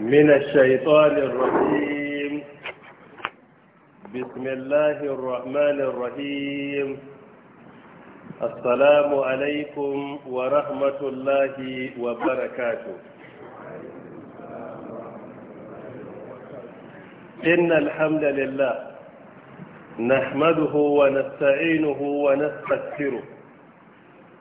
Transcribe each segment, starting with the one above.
من الشيطان الرجيم بسم الله الرحمن الرحيم السلام عليكم ورحمة الله وبركاته إن الحمد لله نحمده ونستعينه ونستغفره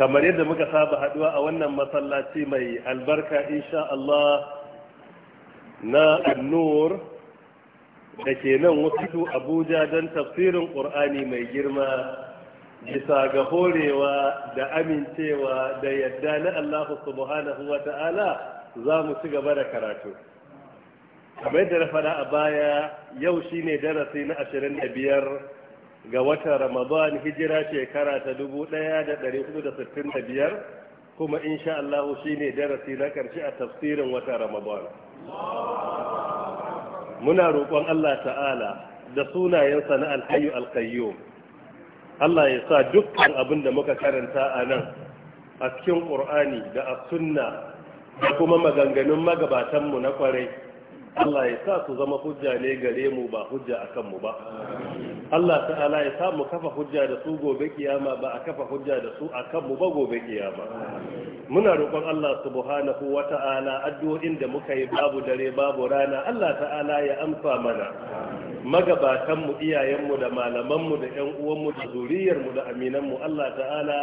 kamar yadda muka saba haduwa a wannan masallaci mai albarka insha Allah na annur da ke nan wasu abuja don tafsirin ƙur'ani mai girma bisa ga horewa da amincewa da yadda na allahu subhanahu wa ta'ala za mu ci gaba da karatu kamar yadda na faɗa a baya yau shine darasi na ashirin da biyar ga watan ramadan hijira shekara ta 1465 kuma insha Allah shine darasi na karshe a tafsirin watan ramadan muna roƙon Allah ta'ala da sunayensa na alhayu alqayyum Allah ya sa dukkan abin da muka karanta a nan a cikin ƙur'ani da a sunna da kuma maganganun magabatanmu na ƙwarai. Allah ya sa su zama hujja ne gare mu ba hujja a kanmu ba Allah ta'ala ya sa mu kafa hujja da su gobe kiyama ba a kafa hujja da su a kanmu ba gobe kiyama muna roƙon Allah subhanahu wa ta'ala addu'o'in da muka yi babu dare babu rana Allah ta'ala ya amsa mana magabatanmu iyayenmu da malamanmu da 'yan da zuriyarmu da aminanmu Allah ta'ala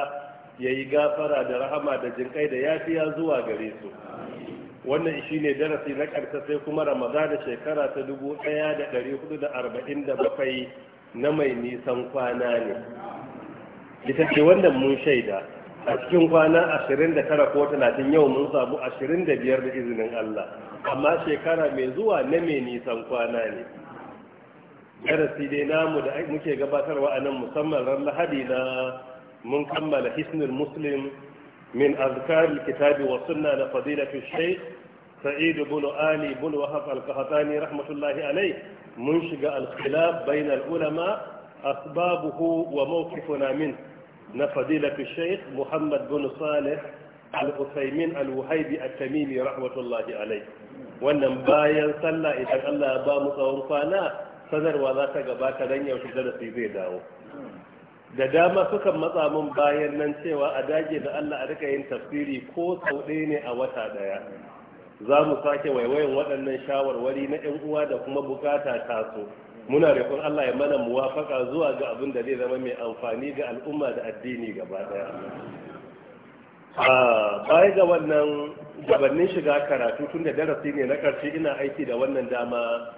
ya yi gafara da rahama da jinƙai da yafiya zuwa gare su wannan shi ne darasi na ƙarshe sai kuma ramadana shekara ta 1447 na mai nisan kwana ne ita ce wannan mun shaida a cikin kwana 29 ko 30 yau mun samu 25 da izinin Allah amma shekara mai zuwa na mai nisan kwana ne darasi dai namu da muke gabatarwa a nan musamman ran lahadi na mun kammala hisnul muslim min azkar kitabi wa sunna na fadilatul shaykh سعيد بن آلي بن وهب القهطاني رحمة الله عليه منشق الخلاف بين العلماء أسبابه وموقفنا منه نفضيلة الشيخ محمد بن صالح الأثيمين الوهيبي التميمي رحمة الله عليه wannan bayan sallah idan Allah ba mu tsawon kwana sanarwa za ta gabata dan yaushe darasi zai dawo da dama sukan matsa mun bayan nan cewa a dage da Allah a rika yin tafsiri ko sau ɗaya ne a wata ɗaya za mu sake waiwayin waɗannan shawarwari na 'yan uwa da kuma bukata taso muna rikon Allah ya mana muwafaka zuwa ga abin da zai zama mai amfani ga al'umma da addini gaba daya baya ga wannan gabanin shiga karatu tun da darasi ne na karshe ina aiki da wannan dama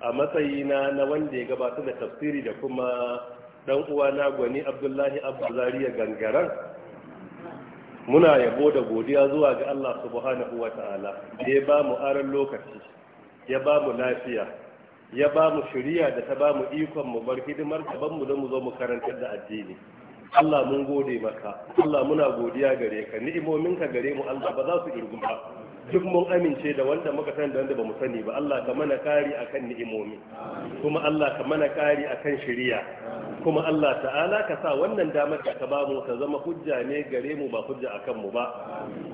a matsayina na wanda ya gabatar da tafsiri da kuma dan uwa na gwani abdullahi abu zariya gangaran muna yabo da godiya zuwa ga Allah subhanahu wa ta'ala da ya ba mu aran lokaci ya ba mu lafiya ya ba mu shari'a da ta ba mu ikon mu bar hidimar gaban mu don mu zo mu karanta da addini Allah mun gode maka Allah muna godiya gare ka ni'imominka gare mu Allah ba za su irgu ba duk mun amince da wanda muka sani da wanda ba mu sani ba Allah ka mana kari akan ni'imomi kuma Allah ka mana kari akan shari'a kuma Allah ta'ala ka sa wannan damar da ka bamu ta zama hujja ne gare mu ba hujja akan mu ba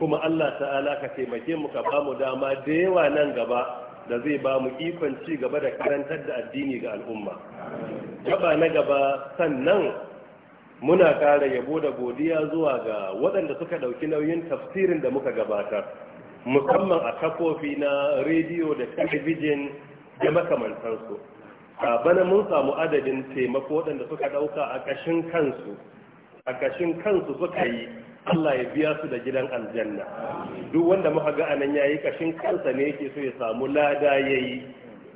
kuma Allah ta'ala ka taimake mu ka bamu dama da yawa nan gaba da zai ba mu ikon ci gaba da karantar da addini ga al'umma gaba na gaba sannan muna ƙara yabo da godiya zuwa ga waɗanda suka ɗauki nauyin tafsirin da muka gabatar musamman a kafofi na rediyo da talabijin da makamantansu a bana mun samu adadin taimako waɗanda suka ɗauka a ƙashin kansu a ƙashin kansu suka yi Allah ya biya su da gidan aljanna duk wanda muka ga anan yayi ƙashin kansa ne yake so ya samu lada yayi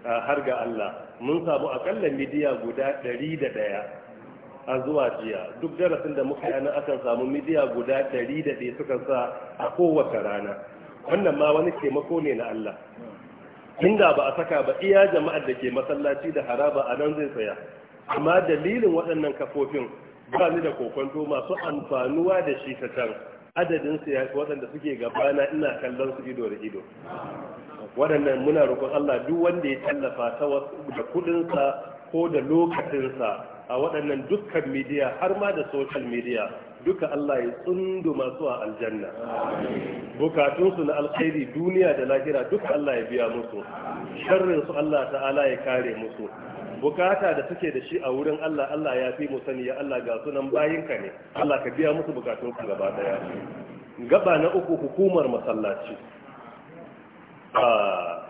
har ga Allah mun samu akalla midiya guda ɗari da ɗaya a zuwa jiya duk darasin da muka yi anan akan samu midiya guda ɗari da ɗaya suka sa a kowace rana wannan ma wani taimako ne na Allah inda ba a saka ba iya jama'ar da ke masallaci da haraba a nan zai tsaya amma dalilin waɗannan kafofin ba ni da kokonto masu amfanuwa da shi ta can adadin su ya waɗanda suke gabana ina kallon su ido da ido waɗannan muna roƙon Allah duk wanda ya tallafa ta da kuɗinsa ko da lokacinsa a waɗannan dukkan midiya har ma da social media duka Allah ya tsundu masu a aljanna bukatunsu na alkhairi duniya da lahira duka Allah ya biya musu sharrin su Allah ta'ala ya kare musu bukata da suke da shi a wurin Allah Allah ya fi mu sani ya Allah ga sunan bayinka ne Allah ka biya musu bukatunsu gaba daya gaba na uku hukumar masallaci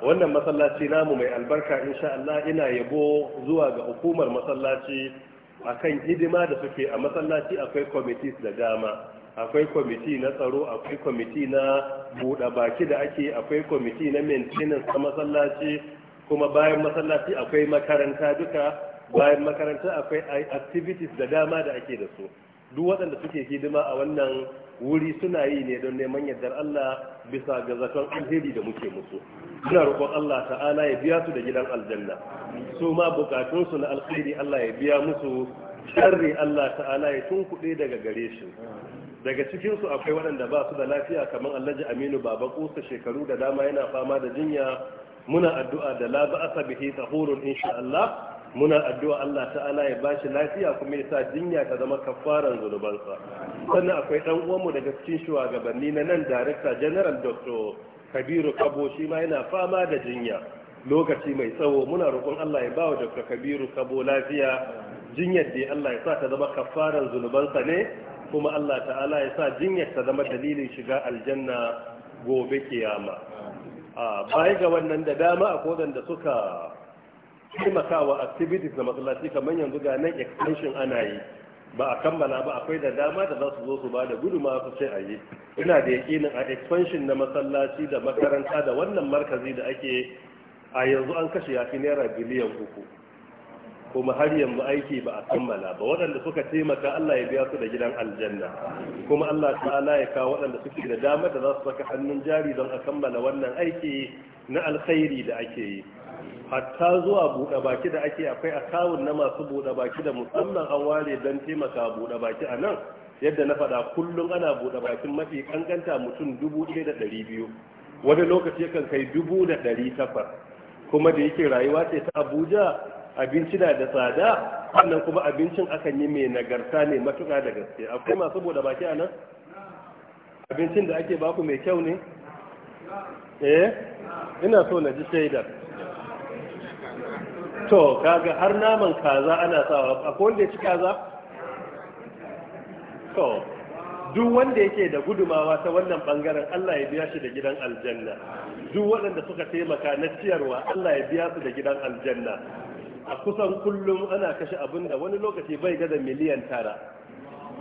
wannan masallaci namu mai albarka insha Allah ina yabo zuwa ga hukumar masallaci akan hidima da suke a masallaci akwai kwamiti da dama akwai kwamiti na tsaro akwai kwamiti na buɗa baki da ake akwai kwamiti na maintenance a masallaci kuma bayan masallaci akwai makaranta duka bayan makaranta akwai activities da dama da ake da su duk waɗanda suke hidima a wannan wuri suna yi ne don neman yardar Allah bisa ga zaton alheri da muke musu ina roƙon Allah ta'ala ya biya su da gidan aljanna su ma bukatunsu na alheri Allah ya biya musu sharri Allah ta'ala ya tun kuɗi daga gare shi daga cikinsu akwai waɗanda ba su da lafiya kamar Alhaji Aminu Baba Kusa shekaru da dama yana fama da jinya muna addu'a da la ba'asa bihi tahurun insha Allah muna addu'a Allah ta'ala ya ba shi lafiya kuma ya sa jinya ta zama kafaran zunubansa sannan akwai dan uwanmu daga cikin shugabanni na nan director general dr kabiru kabo shi ma yana fama da jinya lokaci mai tsawo muna roƙon Allah ya bawa dr kabiru kabo lafiya jinyar da Allah ya sa ta zama kafaran zunubansa ne kuma Allah ta'ala ya sa jinyar ta zama dalilin shiga aljanna gobe kiyama a ah, baya ga wannan da dama akwai da suka taimakawa activities na masallaci kamar yanzu ga nan extension ana yi ba a kammala ba akwai da dama da za su zo su ba da guduma su ce a yi ina da yakinin a expansion na masallaci da makaranta da wannan markazi da ake a yanzu an kashe ya fi naira biliyan uku kuma har yanzu aiki ba a kammala ba waɗanda suka taimaka Allah ya biya su da gidan aljanna kuma Allah ta'ala ya kawo waɗanda suke da dama da za su saka hannun jari don a kammala wannan aiki na alkhairi da ake yi hatta zuwa buɗe baki da ake akwai a kawun na masu buɗe baki da musamman an ware don taimaka buɗe baki a nan yadda na faɗa kullum ana buɗe bakin mafi ƙanƙanta mutum dubu ɗaya da ɗari biyu wani lokaci yakan kai dubu da ɗari takwas kuma da yake rayuwa ce ta abuja abinci na da tsada wannan kuma abincin akan yi mai nagarta ne matuƙa da gaske akwai masu buɗe baki a nan abincin da ake baku mai kyau ne eh ina so na ji shaidar to kaga har naman kaza ana sawa a wanda ya ci kaza to duk wanda yake da gudumawa ta wannan bangaren Allah ya biya shi da gidan aljanna duk waɗanda suka taimaka na ciyarwa Allah ya biya su da gidan aljanna a kusan kullum ana kashe abin wani lokaci bai gada miliyan tara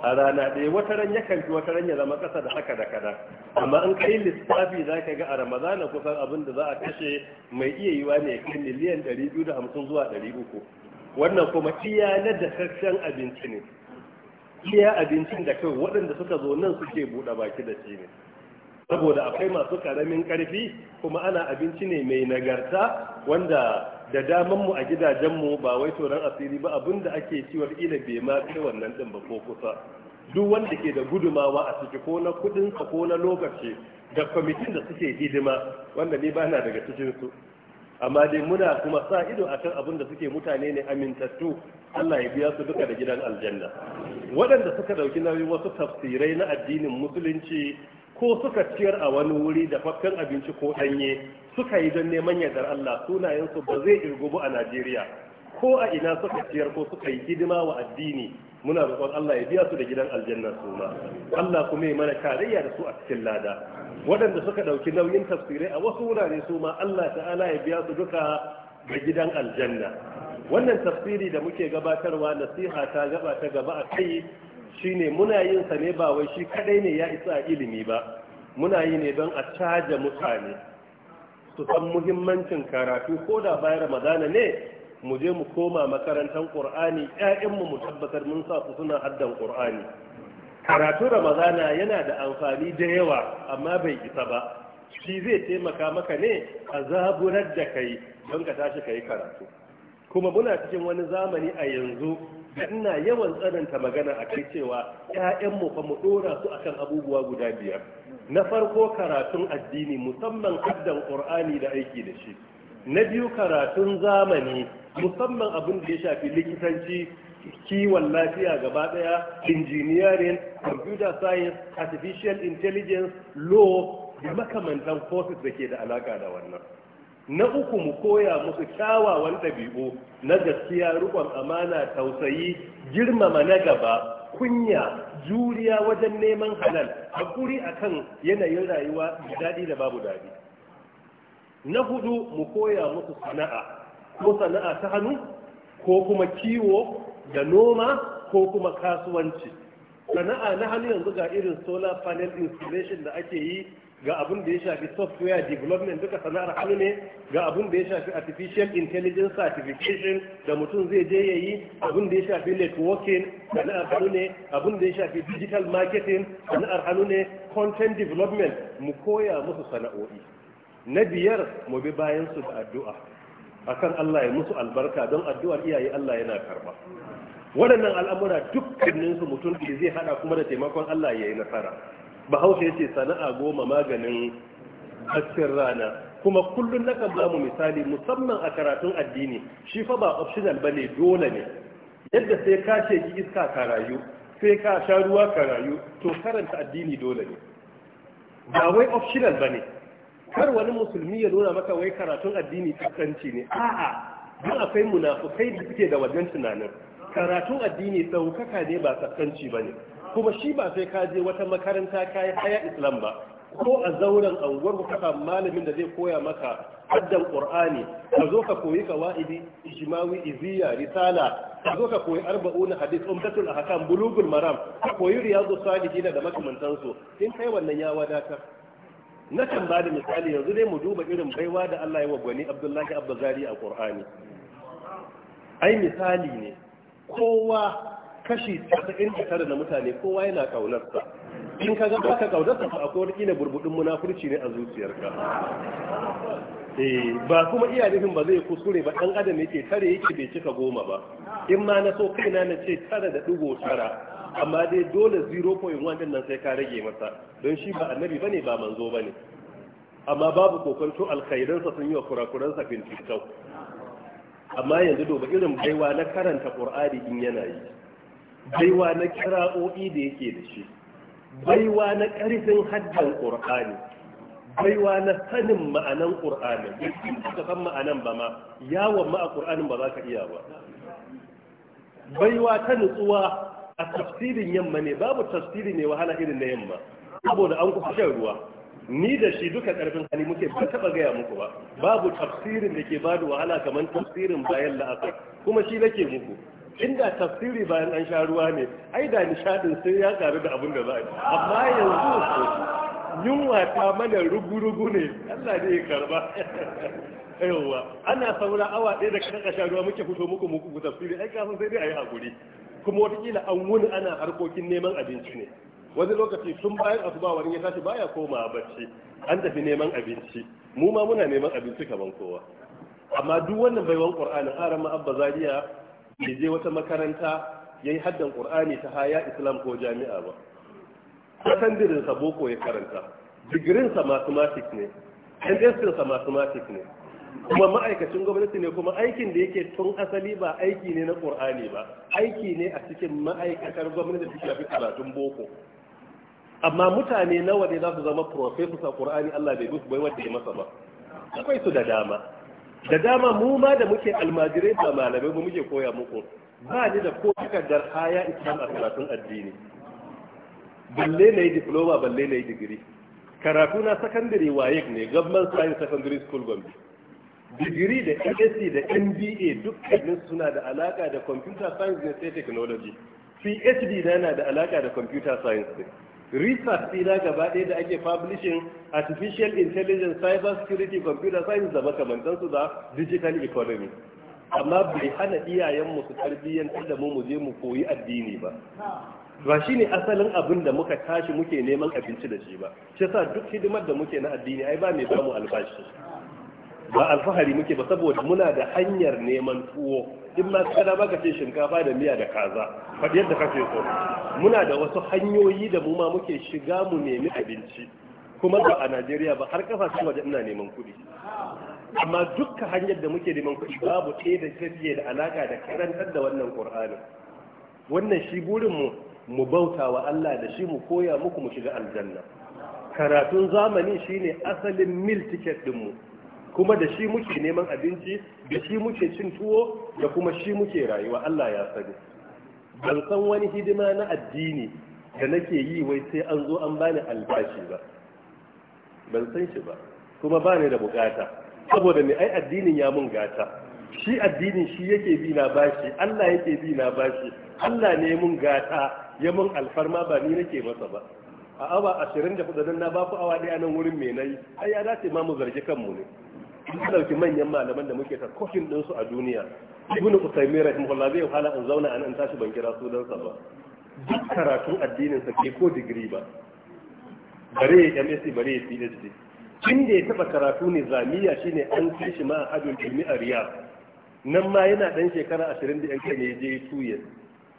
a rana ɗaya wata ran ya kanfi wata ran ya zama ƙasa da haka da kada amma in kai lissafi za ka ga a ramazana kusan abin da za a kashe mai iya wa ne kai miliyan 250 zuwa 300 wannan kuma iya na dakakken abinci ne iya abincin da kai waɗanda suka zo nan suke buɗe baki da shi ne saboda akwai masu karamin karfi kuma ana abinci ne mai nagarta wanda da daman mu a gidajenmu ba wai tsoron asiri ba abin ake ciwar ila bai ma kai wannan din ba ko kusa duk wanda ke da gudumawa a ciki ko na kudin sa ko na lokaci da kwamitin da suke hidima wanda ni bana daga cikin su amma dai muna kuma sa ido akan abin da suke mutane ne amintattu Allah ya biya su duka da gidan aljanna waɗanda suka dauki nauyin wasu tafsirai na addinin musulunci ko suka ciyar a wani wuri da fakkan abinci ko ɗanye suka yi don neman yardar Allah sunayensu ba zai irgubu a Najeriya ko a ina suka ciyar ko suka yi hidima wa addini muna roƙon Allah ya biya su da gidan aljanna su ma Allah kuma ya mana tarayya da su a cikin lada waɗanda suka ɗauki nauyin tafsirai a wasu wurare su ma Allah ta'ala ya biya su duka da gidan aljanna wannan tafsiri da muke gabatarwa nasiha ta gaba ta gaba a kai Shi ne muna yin sa ne ba wai shi kadai ne ya isa ilimi ba muna yi ne don a caja mutane su san muhimmancin karatu ko da bayan ramadana ne mu je mu koma makarantar ƙur'ani, ƴaƴanmu mu tabbatar mun sa su suna haddan ƙur'ani. karatu ramadana yana da amfani da yawa amma bai isa ba shi zai taimaka maka ne a zaburar da kai don ka tashi ka yi karatu kuma muna cikin wani zamani a yanzu da ina yawan tsananta magana a kai cewa ya'yan fa mu ɗora su kan abubuwa guda biyar na farko karatun addini musamman haddan ƙur'ani da aiki da shi na biyu karatun zamani musamman abin da ya shafi likitanci kiwon lafiya gaba ɗaya, injiniyarin, computer science artificial intelligence law da makamantan forces da ke da alaƙa da wannan na uku mu koya musu kyawawan ɗabi'u na gaskiya rukon amana tausayi girmama na gaba kunya juriya wajen neman halal hakuri akan yanayin rayuwa da daɗi da babu daɗi na hudu mu koya musu sana'a ko sana'a ta hannu ko kuma kiwo da noma ko kuma kasuwanci sana'a na hannu yanzu ga irin solar panel installation da ake yi ga abin da ya shafi software development duka sana'ar hannu ne ga abin da ya shafi artificial intelligence certification da mutum zai je ya yi abin da ya shafi networking sana'ar hannu ne abin da ya shafi digital marketing sana'ar hannu ne content development mu koya musu sana'o'i na biyar mu bi bayan su da addu'a akan Allah ya musu albarka don addu'ar iyaye Allah yana karba waɗannan al'amura dukkaninsu mutum zai hada kuma da taimakon Allah ya yi nasara bahaushe ce sana'a goma maganin hasken rana kuma kullum na kan zamu misali musamman a karatun addini shi fa ba optional ne dole ne yadda sai ka ce ki iska ka rayu sai ka sha ruwa ka rayu to karanta addini dole ne ba wai optional ne? kar wani musulmi ya nuna maka wai karatun addini tsakanci ne a'a don akwai munafukai da suke da wajen tunanin karatun addini saukaka ne ba ba ne. kuma shi ba sai ka je wata makaranta ka yi haya islam ba ko a zauren anguwar ka samu malamin da zai koya maka haddan qur'ani ka zo ka koyi kawaidi ijmawi iziya risala ka zo ka koyi arba'un hadith umtatul ahkam bulugul maram ka koyi riyadus salihin da makamantansu in kai wannan ya wadatar na kan ba da misali yanzu dai mu duba irin baiwa da Allah ya wa gwani Abdullahi Abbazari a Qur'ani ai misali ne kowa kashi tare na mutane kowa yana kaunarsa in ka ga baka kaunarsa ba akwai wani burbudin munafurci ne a zuciyarka eh ba kuma iya nufin ba zai kusure ba dan adam yake tare yake bai cika goma ba in ma na so kaina na ce tare da digo tara amma dai dole 0.1 din nan sai ka rage masa don shi ba annabi bane ba manzo bane amma babu kokonto alkhairansa sun yi wa kurakuransa bincikau amma yanzu duba irin baiwa na karanta ƙur'ani in yana yi baiwa na kira'o'i da yake da shi baiwa na ƙarfin haddan ƙur'ani baiwa na sanin ma'anan ƙur'ani yakin suka san ma'anan ba ma yawon ma'a a ƙur'anin ba za ka iya ba baiwa ta nutsuwa a tafsirin yamma ne babu tafsiri ne wahala irin na yamma saboda an kusa shan ruwa ni da shi duka ƙarfin hali muke ba taba gaya muku ba babu tafsirin da ke bada wahala kamar tafsirin bayan la'asar kuma shi nake muku inda tafsiri bayan an sha ruwa ne ai da nishadin sai ya karu da abin da za a yi amma yanzu yunwa ta mana rugu-rugu ne Allah ne ya karba yawwa ana saura awa ɗaya da kan sha ruwa muke fito muku muku tafsiri ai kafin sai dai a yi hakuri kuma wataƙila an wuni ana harkokin neman abinci ne wani lokaci sun bayan ba wani ya tashi baya koma bacci an tafi neman abinci mu ma muna neman abinci kaman kowa amma duk wannan baiwan ƙur'ani, aran abba zariya ya je wata makaranta ya yi haddan ƙur'ani ta haya islam ko jami'a ba sakandirinsa boko ya karanta digirinsa mathematics ne hendestinsa mathematics ne kuma ma'aikacin gwamnati ne kuma aikin da yake tun asali ba aiki ne na ƙur'ani ba aiki ne a cikin ma'aikatar gwamnati da shafi karatun boko amma mutane nawa ne za su zama professors ƙur'ani allah bai bai wanda ya masa ba akwai su da dama da dama mu ma da muke almajirai ba malamai ba muke koya muku ba ni da ko takardar haya islam a karatun addini balle na yi diploma balle na yi digiri karatu na secondary waye ne government science secondary school gombe digiri da MSc da MBA dukkanin suna da alaka da computer science ne sai technology PhD na da alaka da computer science research ɗina gaba ɗaya da ake publishing artificial intelligence cyber security computer science da makamantansu da digital economy amma bai hana iyayenmu su tarbiyyantar da mu mu mu koyi addini ba ba shi ne asalin abin da muka tashi muke neman abinci da shi ba shi sa duk hidimar da muke na addini ai ba mai mu albashi ba alfahari muke ba saboda muna da hanyar neman tuwo in ma kana baka ce shinkafa da miya da kaza faɗiyar yadda kake so muna da wasu hanyoyi da mu ma muke shiga mu nemi abinci kuma ba a Najeriya ba har su waje ina neman kuɗi amma dukkan hanyar da muke neman kuɗi babu ɗaya da take da alaka da karantar da wannan Qur'ani wannan shi burin mu mu bauta wa Allah da shi mu koya muku mu shiga aljanna karatun zamani shine asalin mil ticket din mu kuma da shi muke neman abinci da shi muke cin tuwo da kuma shi muke rayuwa Allah ya sani ban san wani hidima na addini da nake yi wai sai an zo an bani albashi ba ban san shi ba kuma bani da bukata saboda me ai addinin ya mun gata shi addinin shi yake bi na bashi Allah yake bi na bashi Allah ne mun gata ya mun alfarma ba ni nake masa ba a awa ashirin da hudu na ba ku awa ɗaya nan wurin me nayi ai ya dace ma mu zargi kanmu ne in dauki manyan malaman da muke tarkokin kofin su a duniya ibnu usaymin rahimahullah zai wahala in zauna an tashi ban kira dan sa ba duk karatun addinin sa ke ko digiri ba bare ya MSc bare ya PhD kin da ya taba karatu ne zamiya shine an kai shi ma hadin ilmi a riyadh nan ma yana dan shekara 20 da yake ne je tuye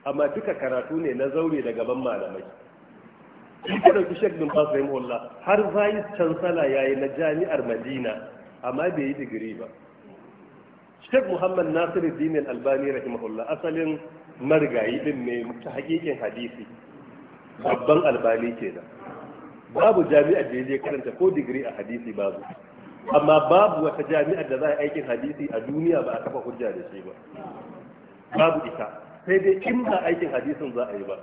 amma duka karatu ne na zaure da gaban malamai shi ka dauki Sheikh bin har vice chancellor yayi na jami'ar Madina amma bai yi digiri ba Sheikh Muhammad Nasiruddin Al-Albani rahimahullah asalin marigayi din ne ta hakikin hadisi babban albani da babu jami'a da karanta ko digiri a hadisi babu amma babu wata jami'a da za a aikin hadisi a duniya ba a kafa hujja da shi ba babu ita sai dai in ba aikin hadisin za a yi ba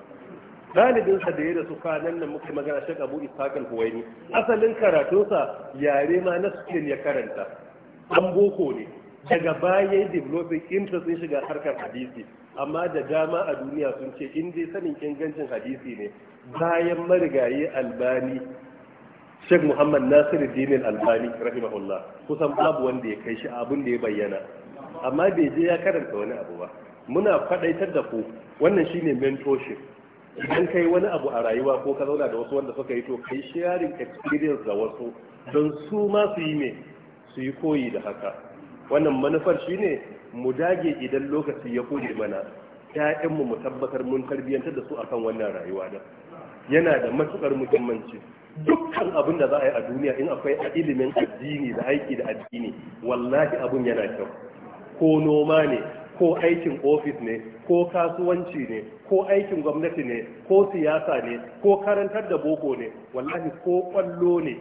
ɗalibinsa da ya rasu kwanan nan muke magana shek abu ishaq al-huwaini asalin karatunsa yare ma na suke ya karanta an boko ne daga baya ya developing interest sun shiga harkar hadisi amma da dama a duniya sun ce in dai sanin ingancin hadisi ne bayan marigayi albani Sheikh Muhammad Nasiru Dinin Albani rahimahullah kusan babu wanda ya kai shi abin da ya bayyana amma bai je ya karanta wani abu ba muna faɗaitar da ku wannan shine mentorship idan kai wani abu a rayuwa ko ka zauna da wasu wanda suka yi to kai sharing experience da wasu don su ma su yi ne su yi koyi da haka wannan manufar shine mu dage idan lokaci ya kuje mana ƴaƴanmu mu tabbatar mun tarbiyyantar da su akan wannan rayuwa da yana da matukar muhimmanci dukkan abin da za a yi a duniya in akwai a ilimin addini da aiki da addini wallahi abun yana kyau ko noma ne ko aikin ofis ne ko kasuwanci ne ko aikin gwamnati ne ko siyasa ne ko karantar da boko ne wallahi ko kwallo ne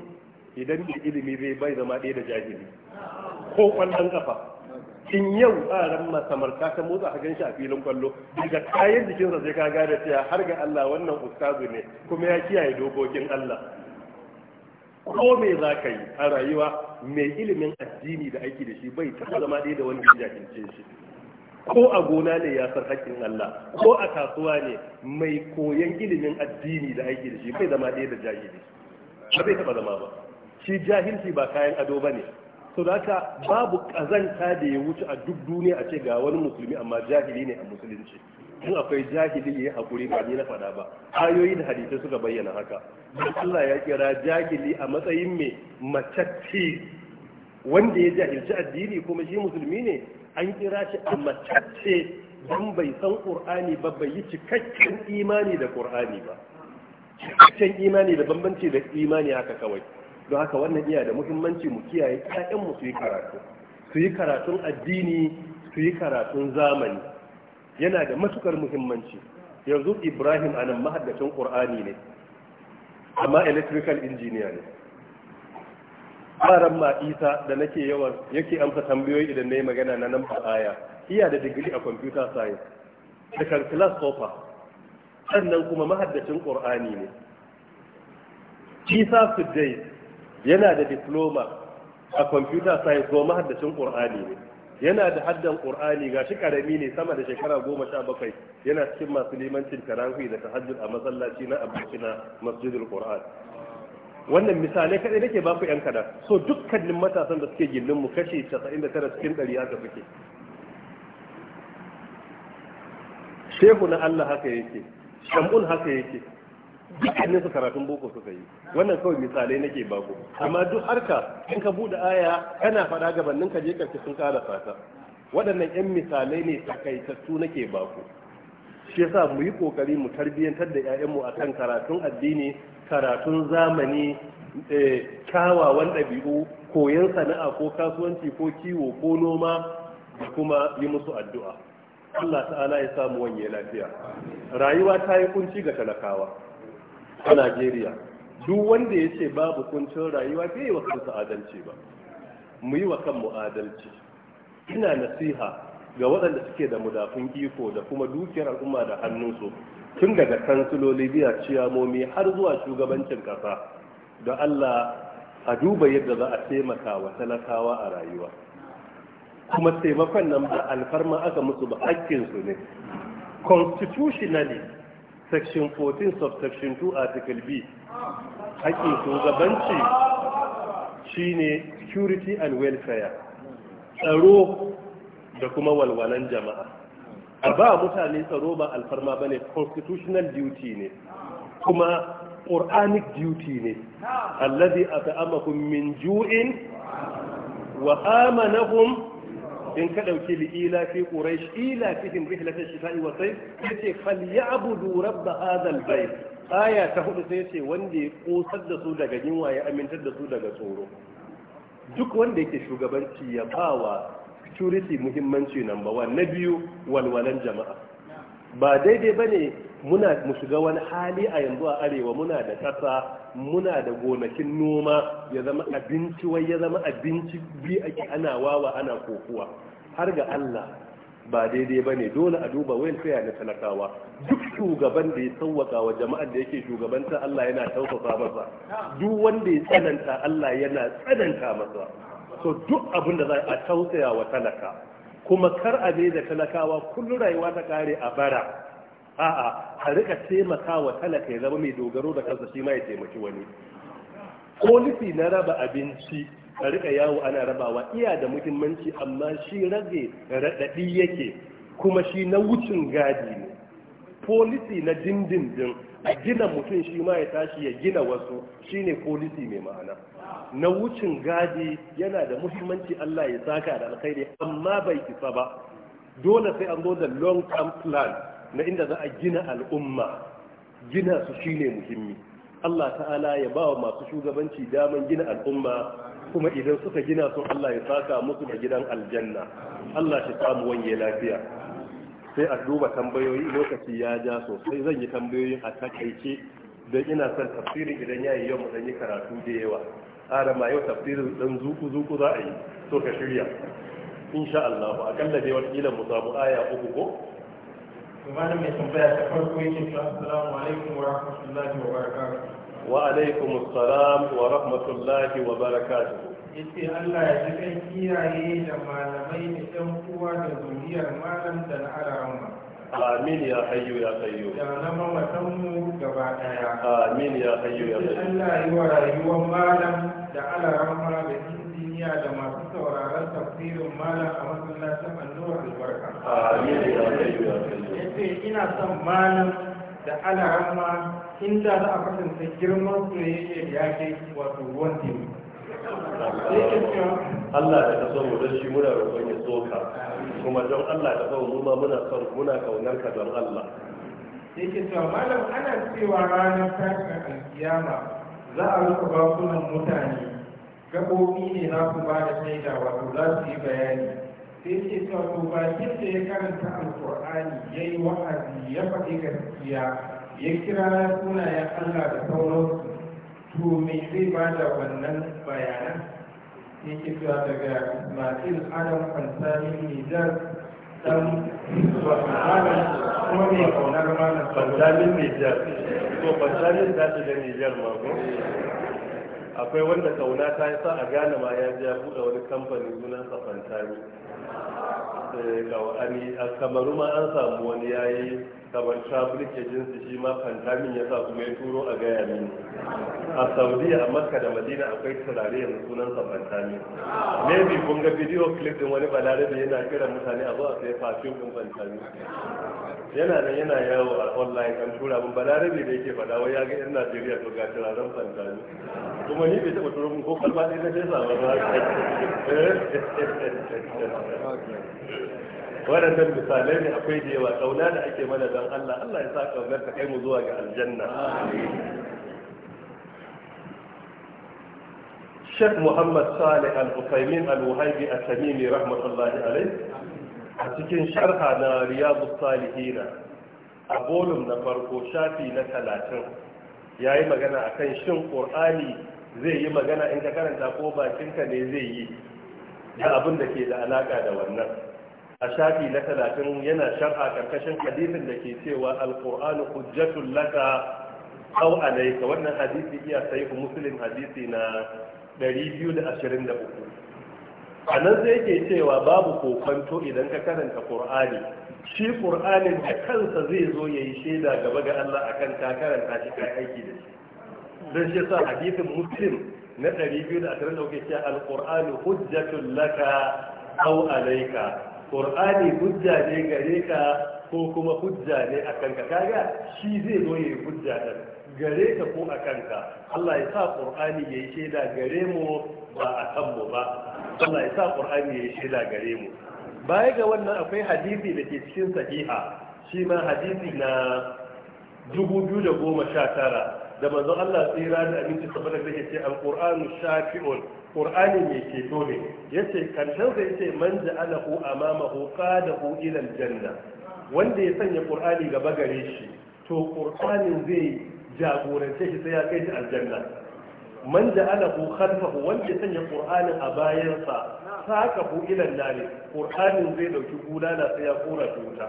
idan da ilimi zai bai zama ɗaya da jahili ko kwallon kafa in yau tsarin masamarta ta motsa a shi a filin kwallo daga kayan jikinsa sai ka gane cewa har ga Allah wannan ustazu ne kuma ya kiyaye dokokin Allah ko me za ka yi a rayuwa mai ilimin addini da aiki da shi bai taɓa zama ɗaya da wani ya shi ko a gona ne ya san haƙƙin Allah ko a kasuwa ne mai koyan ilimin addini da aiki da shi bai zama ɗaya da jahili ba bai taɓa zama ba shi jahilci ba kayan ado ba ne so da haka babu ƙazanta da ya wuce a duk duniya a ce ga wani musulmi amma jahili ne a musulunci in akwai jahili ya haƙuri ba ni na faɗa ba ayoyi da hadisai suka bayyana haka Allah ya kira jahili a matsayin mai matacci wanda ya jahilci addini kuma shi musulmi ne an kira shi a matacce don bai san ƙur'ani ba bai yi cikakken imani da ƙur'ani ba cikakken imani da bambanci da imani haka kawai don haka wannan iya da muhimmanci mu kiyaye ƴaƴanmu su yi karatu su yi karatun addini su yi karatun zamani yana da matukar muhimmanci yanzu ibrahim anan mahaddacin ƙur'ani ne amma electrical engineer ne faran ma isa da nake yawan yake amsa tambayoyi idan na yi magana na nan aya iya da digiri a computer science da class offer sannan kuma mahaddacin ƙur'ani ne isa sujjai yana da diploma a computer science ko mahaddacin ƙur'ani ne yana da haddan ƙur'ani ga shi ƙarami ne sama da shekara goma sha bakwai yana cikin masu limancin karawi da tahajjud a masallaci na abokina masjidul ƙur'an wannan misalai kadai nake ba ku yan kadan so dukkanin matasan da suke gillin mu kashi 99 cikin 100 haka suke shehu na Allah haka yake shambun haka yake dukkanin su karatun boko suka yi wannan kawai misalai nake ba ku amma duk harka in ka bude aya kana faɗa gabanin ka je karshe sun ƙara fata waɗannan 'yan misalai ne takaitattu nake ba ku shi yasa mu yi kokari mu tarbiyyantar da 'ya'yanmu akan karatun addini karatun zamani eh, kyawawan ɗabi'u koyon sana'a ko kasuwanci ko kiwo ko noma da kuma yi musu addu'a Allah ta'ala ya samu wanye lafiya rayuwa ta yi kunci ga talakawa a Najeriya duk wanda ya ce babu kuncin rayuwa bai yi wa kansa adalci ba mu yi wa kanmu adalci ina nasiha ga waɗanda suke da mudafin iko da kuma dukiyar al'umma da hannunsu tun daga kansiloli biya ciyamomi har zuwa shugabancin ƙasa da Allah a duba yadda za a taimaka wa talakawa a rayuwa kuma taimakon nan ba alfarma aka musu ba hakkinsu ne constitutionally section 14 subsection 2 article b haƙƙin shugabanci shine security and welfare tsaro da kuma walwalan jama'a a ba mutane tsaro ba alfarma ba ne? constitutional duty ne kuma quranic duty ne allazi ata'amakum min ju'in wa amanahum in ka dauki li ila fi quraish ila fihim rihlatash shifa'i wa sayf yace falyabudu rabb hadha albayt aya ta hudu sai yace wanda ya kosar da su daga yunwa ya amintar da su daga tsoro duk wanda yake shugabanci ya bawa security muhimmanci number one na biyu walwalan jama'a ba daidai ba ne muna mu shiga wani hali a yanzu a arewa muna da ƙasa muna da gonakin noma ya zama abinci wai ya zama abinci bi ake ana wawa ana kokuwa har ga Allah ba daidai ba ne dole a duba taya na talakawa duk shugaban da ya sauwaka wa jama'ar da yake shugabanta Allah yana tausasa masa duk wanda ya tsananta Allah yana tsananta masa so duk abin da za a tausaya wa talaka kuma kar a da talakawa kullum rayuwa ta kare a bara a'a a rika taimaka wa talaka ya zama mai dogaro da kansa shi ma ya taimaki wani Folisi na raba abinci a rika yawo ana rabawa iya da muhimmanci amma shi rage raɗaɗi yake kuma shi na wucin gadi ne policy na dindindin a gina mutum shi ma ya tashi ya gina wasu shine policy mai ma'ana na wucin gadi yana da muhimmanci Allah ya saka da alkhairi amma bai kisa ba dole sai an zo da long term plan na inda za a gina al'umma gina su shine muhimmi Allah ta'ala ya ba wa masu shugabanci daman gina al'umma kuma idan suka gina su Allah ya saka musu da gidan aljanna Allah shi samu wanye lafiya sai a duba tambayoyi lokaci ya ja sosai zan yi tambayoyin a takaice don ina son tafsirin idan ya yi yau mu yi karatu da yawa ƙara ma yau tafsirin dan zuku zuku za a yi so ka shirya insha Allah akalla dai wata mu samu aya uku ko malam mai tambaya ta farko yake ta assalamu alaikum wa rahmatullahi wa barakatuh wa alaikum assalam wa rahmatullahi wa barakatuh yace Allah ya ji kiyaye da malamai da ɗan uwa da zuriyar malam da na alama amin ya hayyu ya hayyu da na mamatanmu gaba ɗaya amin ya hayyu ya hayyu Allah yi wa rayuwar malam da alarama da injiniya da masu sauraron tafsirin malam a masallacin annuwar albarka amin ya hayyu ya hayyu yace ina son malam da alarama inda za a kasance girman su soyayya ya kai wato ruwan teku Allah da ka so mu don shi muna roƙon ya soka kuma don Allah da kawo ma muna son muna kaunar ka don Allah yake cewa malam ana cewa ranar tashin alkiyama za a rufe bakunan mutane gabobi ne na ku ba da shaida wato za su yi bayani sai ce cewa to bakin da ya karanta alkur'ani ya yi wa'azi ya faɗi gaskiya ya kira sunayen Allah da sauransu to me zai ba da wannan bayanan yake cewa daga Ismail Adam Ansari Nijar dan Subhanan kuma mai kaunar malam Bandamin Nijar to Bandamin za ta da Nijar ma ko akwai wanda kauna ta yi sa a gane ma ya je ya buɗe wani kamfani sunan sa Fantami Eh, a kamaru ma an samu wani yayi kamar traveling jinsi shi ma fantamin ya sa kuma ya turo a gaya mini a saudiya a makka da madina akwai turare yanzu sunan sa fantamin maybe kun ga video clip din wani da yana kiran mutane a zo a sai perfume din fantamin yana nan yana yawo a online an tura mun balarabe da yake fada wai ya ga yan najeriya to ga turaren ne kuma ni bai taɓa turo mun ko kalma ɗaya na fesa ba ba waɗannan misalai ne akwai da yawa ƙauna da ake mana don allah allah ya sa ƙaunar ta kai mu zuwa ga aljanna Sheikh Muhammad Saleh al uthaymeen al wahabi Al-Tamimi rahmatullahi alaihi a cikin sharha na riyadu salihina a bolum na farko shafi na talatin ya yi magana a kan shin ƙor'ani zai yi magana in ka karanta ko bakinka ne zai yi da abin da ke da alaƙa da wannan a shafi na talatin yana sharha karkashin hadisin da ke cewa alƙorani hujjatun laka au alaika wannan hadisi iya sahihu muslim hadisi na 223 a nan sai yake cewa babu kokonto idan ka karanta qur'ani shi qur'anin da kansa zai zo yayi shaida gaba ga Allah akan ta karanta shi kai aiki da shi dan shi sa hadisin muslim na ɗari ke cewa al-qur'anu hujjatul laka aw alayka qur'ani hujja ne gare ka ko kuma hujja ne a kanka kaga shi zai zo yayi hujja din gare ka ko a kanka Allah ya sa Qur'ani yayi shaida gare mu ba a kan mu ba Allah ya sa Qur'ani ya shaida gare mu baya ga wannan akwai hadisi da ke cikin sahiha shi ma hadisi na 2019 da manzon Allah tsira da aminci saboda da yake ce al-Qur'anu shafi'un Qur'ani mai ceto ne yace karshen sai yace man ja'alahu amamahu qadahu ila al-janna wanda ya sanya Qur'ani gaba gare shi to Qur'anin zai jagorance shi sai ya kai shi aljanna man da ja'alahu khalfahu wanda sanya qur'anin a bayansa saka hu ila nare qur'anin zai dauki gudana sai ya kora ta wuta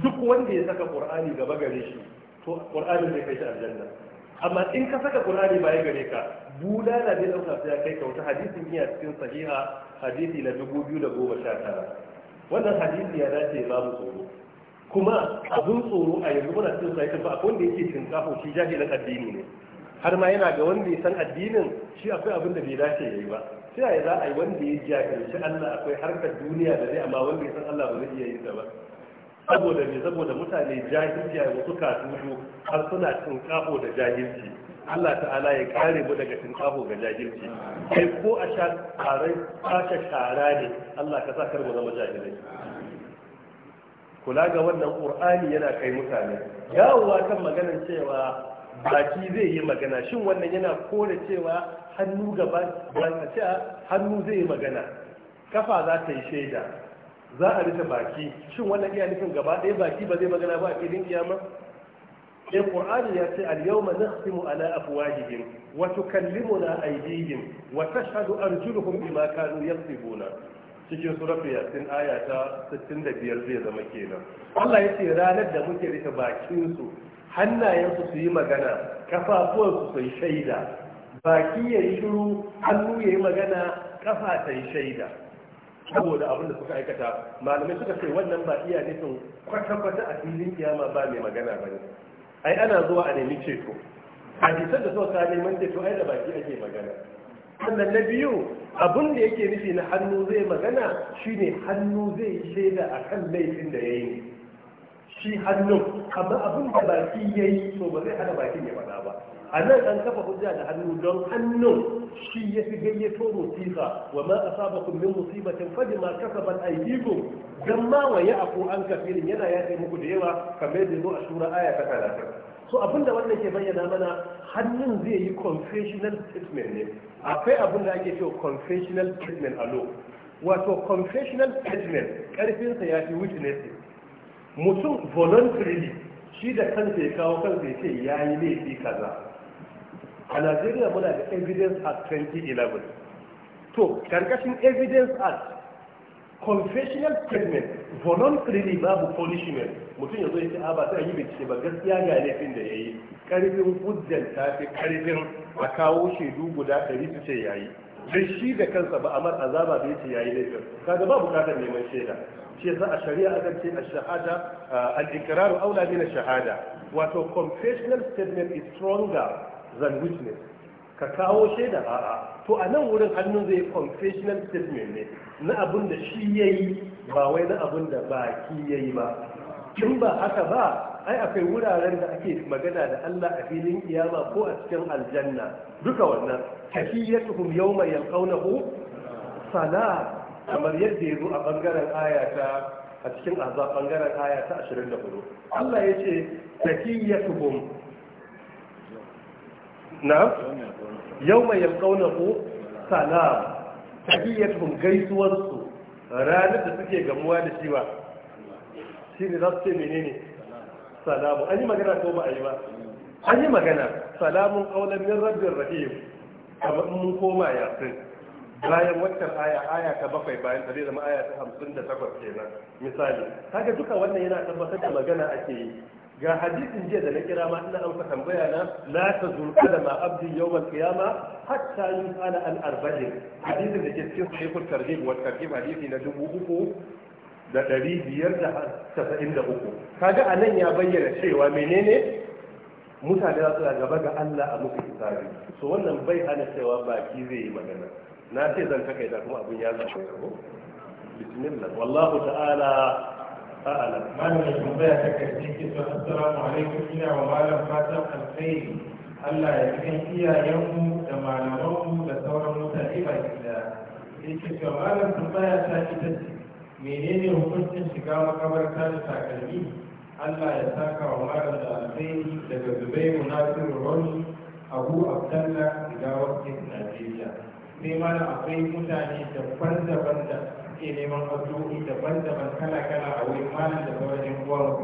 duk wanda ya saka qur'ani gaba gare shi to qur'anin zai kai shi aljanna amma in ka saka qur'ani baya gare ka gudana zai dauka sai ya kai ka wuta hadisin iya cikin sahiha hadisi na 2019 wannan hadisi ya dace babu tsoro kuma abun tsoro a yanzu muna cikin sahihin ba akwai wanda yake cin kafo shi jahilan addini ne har ma yana ga wanda ya san addinin shi akwai abin da bai dace ya yi ba sai a yi za a yi wanda ya jahilci Allah akwai harkar duniya da zai amma wanda ya san Allah ba zai iya yi ta ba saboda me saboda mutane jahilci a wasu katutu har suna tunƙafo da jahilci Allah ta'ala ya kare mu daga tunƙafo ga jahilci kai ko a sha karai kashe shara ne Allah ka sa kar mu zama jahilai kula ga wannan qur'ani yana kai mutane yawowa kan maganar cewa baki zai yi magana shin wannan yana kore cewa hannu gaba ba ce hannu zai yi magana kafa za ta yi shaida za a rufe baki shin wannan iya nufin gaba ɗaya baki ba zai magana ba a filin kiyama sai eh, qur'ani ya ce al-yawma nakhtimu ala afwahihim wa tukallimuna aydihim wa tashhadu arjuluhum bima kanu yaktubuna cikin surafi yasin aya ta 65 zai zama kenan Allah ya ce ranar da muke rufe bakinsu. hannayensu su yi magana kafafuwan su yi shaida baki ya yi shuru, hannu ya yi magana kafa ta yi shaida saboda abin da suka aikata malamai suka ce wannan ba iya nufin kwata-kwata a filin kiyama ba mai magana ba ne ai ana zuwa a nemi ceto jisar da suka neman ceto ai da baki ake magana sannan na biyu abin da yake nufi na hannu zai magana shine hannu zai shaida a kan laifin da ya yi shi hannun amma abin da baki ya yi so ba zai hada bakin ya faɗa ba a nan an kafa hujja da hannu don hannun shi ya fi gayyato musiba wa ma kun min musibatin fa bima kasabat aydikum dan ma wa ya afu an kafirin yana ya muku da yawa kamar da zo a shura aya ta 30 so abin da wannan ke bayyana mana hannun zai yi confessional statement ne akwai abin da ake cewa confessional statement a wato confessional statement karfin sa ya fi witness mutum voluntarily shi da kansa ya kawo kansa ya ce ya yi laifi kaza a najeriya muna da evidence act 2011 to karkashin evidence act confessional statement voluntarily babu punishment mutum ya zo ya a ah, ba ta yi bincike ba gaskiya ga laifin da ya yi karfin hujjan ta fi karfin a kawo shaidu guda ɗari su ce ya yi shi da kansa ba amar azaba da ya ce ya yi laifin kaga ba bukatar neman shaida shi za a shari'a akan ce a shahada al aula shahada wato confessional statement is stronger than witness ka kawo shaida a'a to a nan wurin hannun zai confessional statement ne na abin da shi yayi ba wai na abin da baki yayi ba kin ba haka ba ai akwai wuraren da ake magana da Allah a filin kiyama ko a cikin aljanna duka wannan tahiyatuhum yawma yalqawnahu salat kamar yadda ya zo a bangaren ayata a cikin azab bangaren ayata 24 Allah ya ce takiyyatuhum na yawma yalqawnahu salam takiyyatuhum gaisuwar su ranar da suke gamuwa da shi ba shine za su ce menene salamu an yi magana ko ba a yi ba an yi magana salamun qawlan min rabbin rahim kamar mun koma yasin bayan wancan aya aya ta bakwai bayan ta da zama aya ta hamsin da takwas kenan misali kaga duka wannan yana tabbatar da magana ake yi ga hadisin jiya da na kira ma ina amsa tambaya na la ta da ma abdi yawmal qiyama hatta yusala an arba'in hadisin da ke cikin sahihul tarhib wa tarhib hadisi na dubu uku da ɗari biyar da tasa'in da uku kaga anan ya bayyana cewa menene mutane za su gaba ga Allah a muku hisabi so wannan bai hana cewa baki zai yi magana na ce zan kaka idan kuma abin ya zama karbo bismillah wallahu ta'ala a'lam malam da tambaya ta karshe ke so assalamu alaikum ina wa malam fatan alkhairi Allah ya kan iyayenmu da malamanmu da sauran mutane baki da yake cewa malam tambaya ta ita ce menene hukuncin shiga makabarta da takalmi Allah ya saka wa malam da alkhairi daga Zubairu Nasiru Roni Abu Abdallah daga wasu Najeriya sai mana akwai mutane daban-daban da ke neman addu'o'i daban-daban kala-kala a wurin malam da kawai yan uwa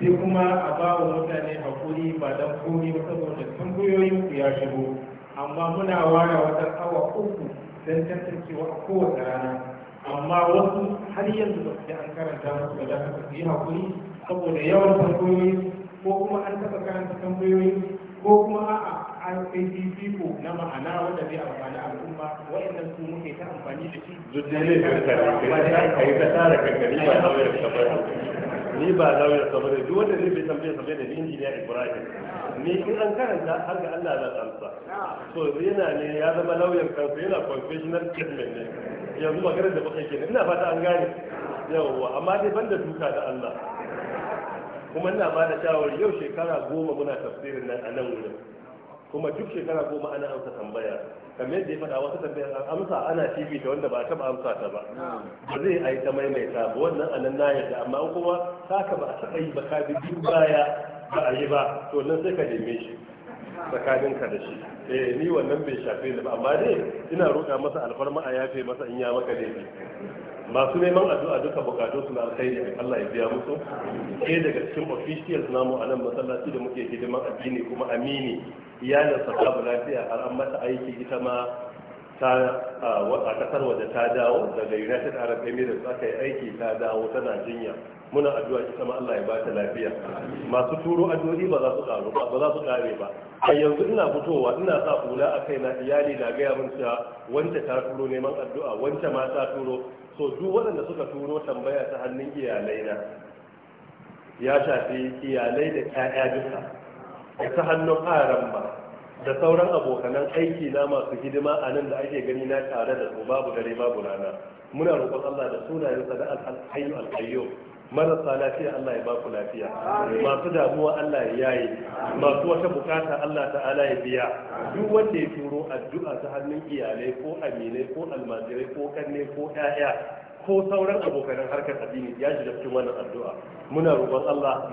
sai kuma a ba wa mutane hakuri ba don komai ba saboda tambayoyin ku ya shigo amma muna ware wata awa uku don tantancewa a kowace rana amma wasu har yanzu ba su an karanta musu da za su yi hakuri saboda yawan tambayoyi ko kuma an taɓa karanta tambayoyi ko kuma a'a an kai fifiko na ma'ana wanda zai amfani al'umma wa'annan su muke ta amfani da shi duk da ne ka yi ta tsara kankari ba lauyar sabar ni ba lauyar sabar duk wanda zai bai tambaye sabar da ni injiniya ibrahim ni in an karanta har ga allah za ta so yana ne ya zama lauyar kansa yana confessional statement ne yanzu maganar da baka kenan ina fata an gane yawwa amma dai ban da duka da allah kuma ina ba da shawari yau shekara goma muna tafsirin nan a nan wurin kuma duk shekara goma ana amsa tambaya kamar yadda ya faɗa wasu tambayar an amsa ana ta wanda ba a taɓa amsa ta ba ba zai a yi ta maimaita ba wannan anan na yadda amma kuma saka ba a taɓa yi ba ka biyu baya ba a yi ba to nan sai ka neme shi tsakanin ka da shi E, ni wannan bai shafe ni ba amma dai ina roƙa masa alfarma a yafe masa in ya maka laifi masu neman addu'a duka bukatu suna ne Allah ya biya musu ke daga cikin officials namu a nan masallaci da muke hidiman addini kuma amini iyalinsa babu lafiya har an mata aiki ita ma a kasar waje ta dawo daga united arab emirates aka yi aiki ta dawo tana jinya muna addu'a ita ma Allah ya ba ta lafiya masu turo addu'o'i ba za su karu ba ba za su kare ba a yanzu ina fitowa ina sa kula a kaina iyali da gaya min cewa wanda ta turo neman addu'a wanda ma ta turo so duk waɗanda suka turo tambaya ta hannun iyalai na ya shafi iyalai da ƴaƴa duka da ta hannun aran ba da sauran abokanan aiki na masu hidima a nan da ake gani na tare da su babu dare babu rana muna roƙon Allah da sunayen da alhayyu alqayyum marasa lafiya Allah ya baku lafiya masu damuwa Allah ya yaye masu wata bukata Allah ta'ala ya biya duk wanda ya turo addu'a ta hannun iyalai ko aminai ko almajirai ko kanne ko ƴaƴa ko sauran abokanan harkar addini ya da cikin wannan addu'a muna roƙon Allah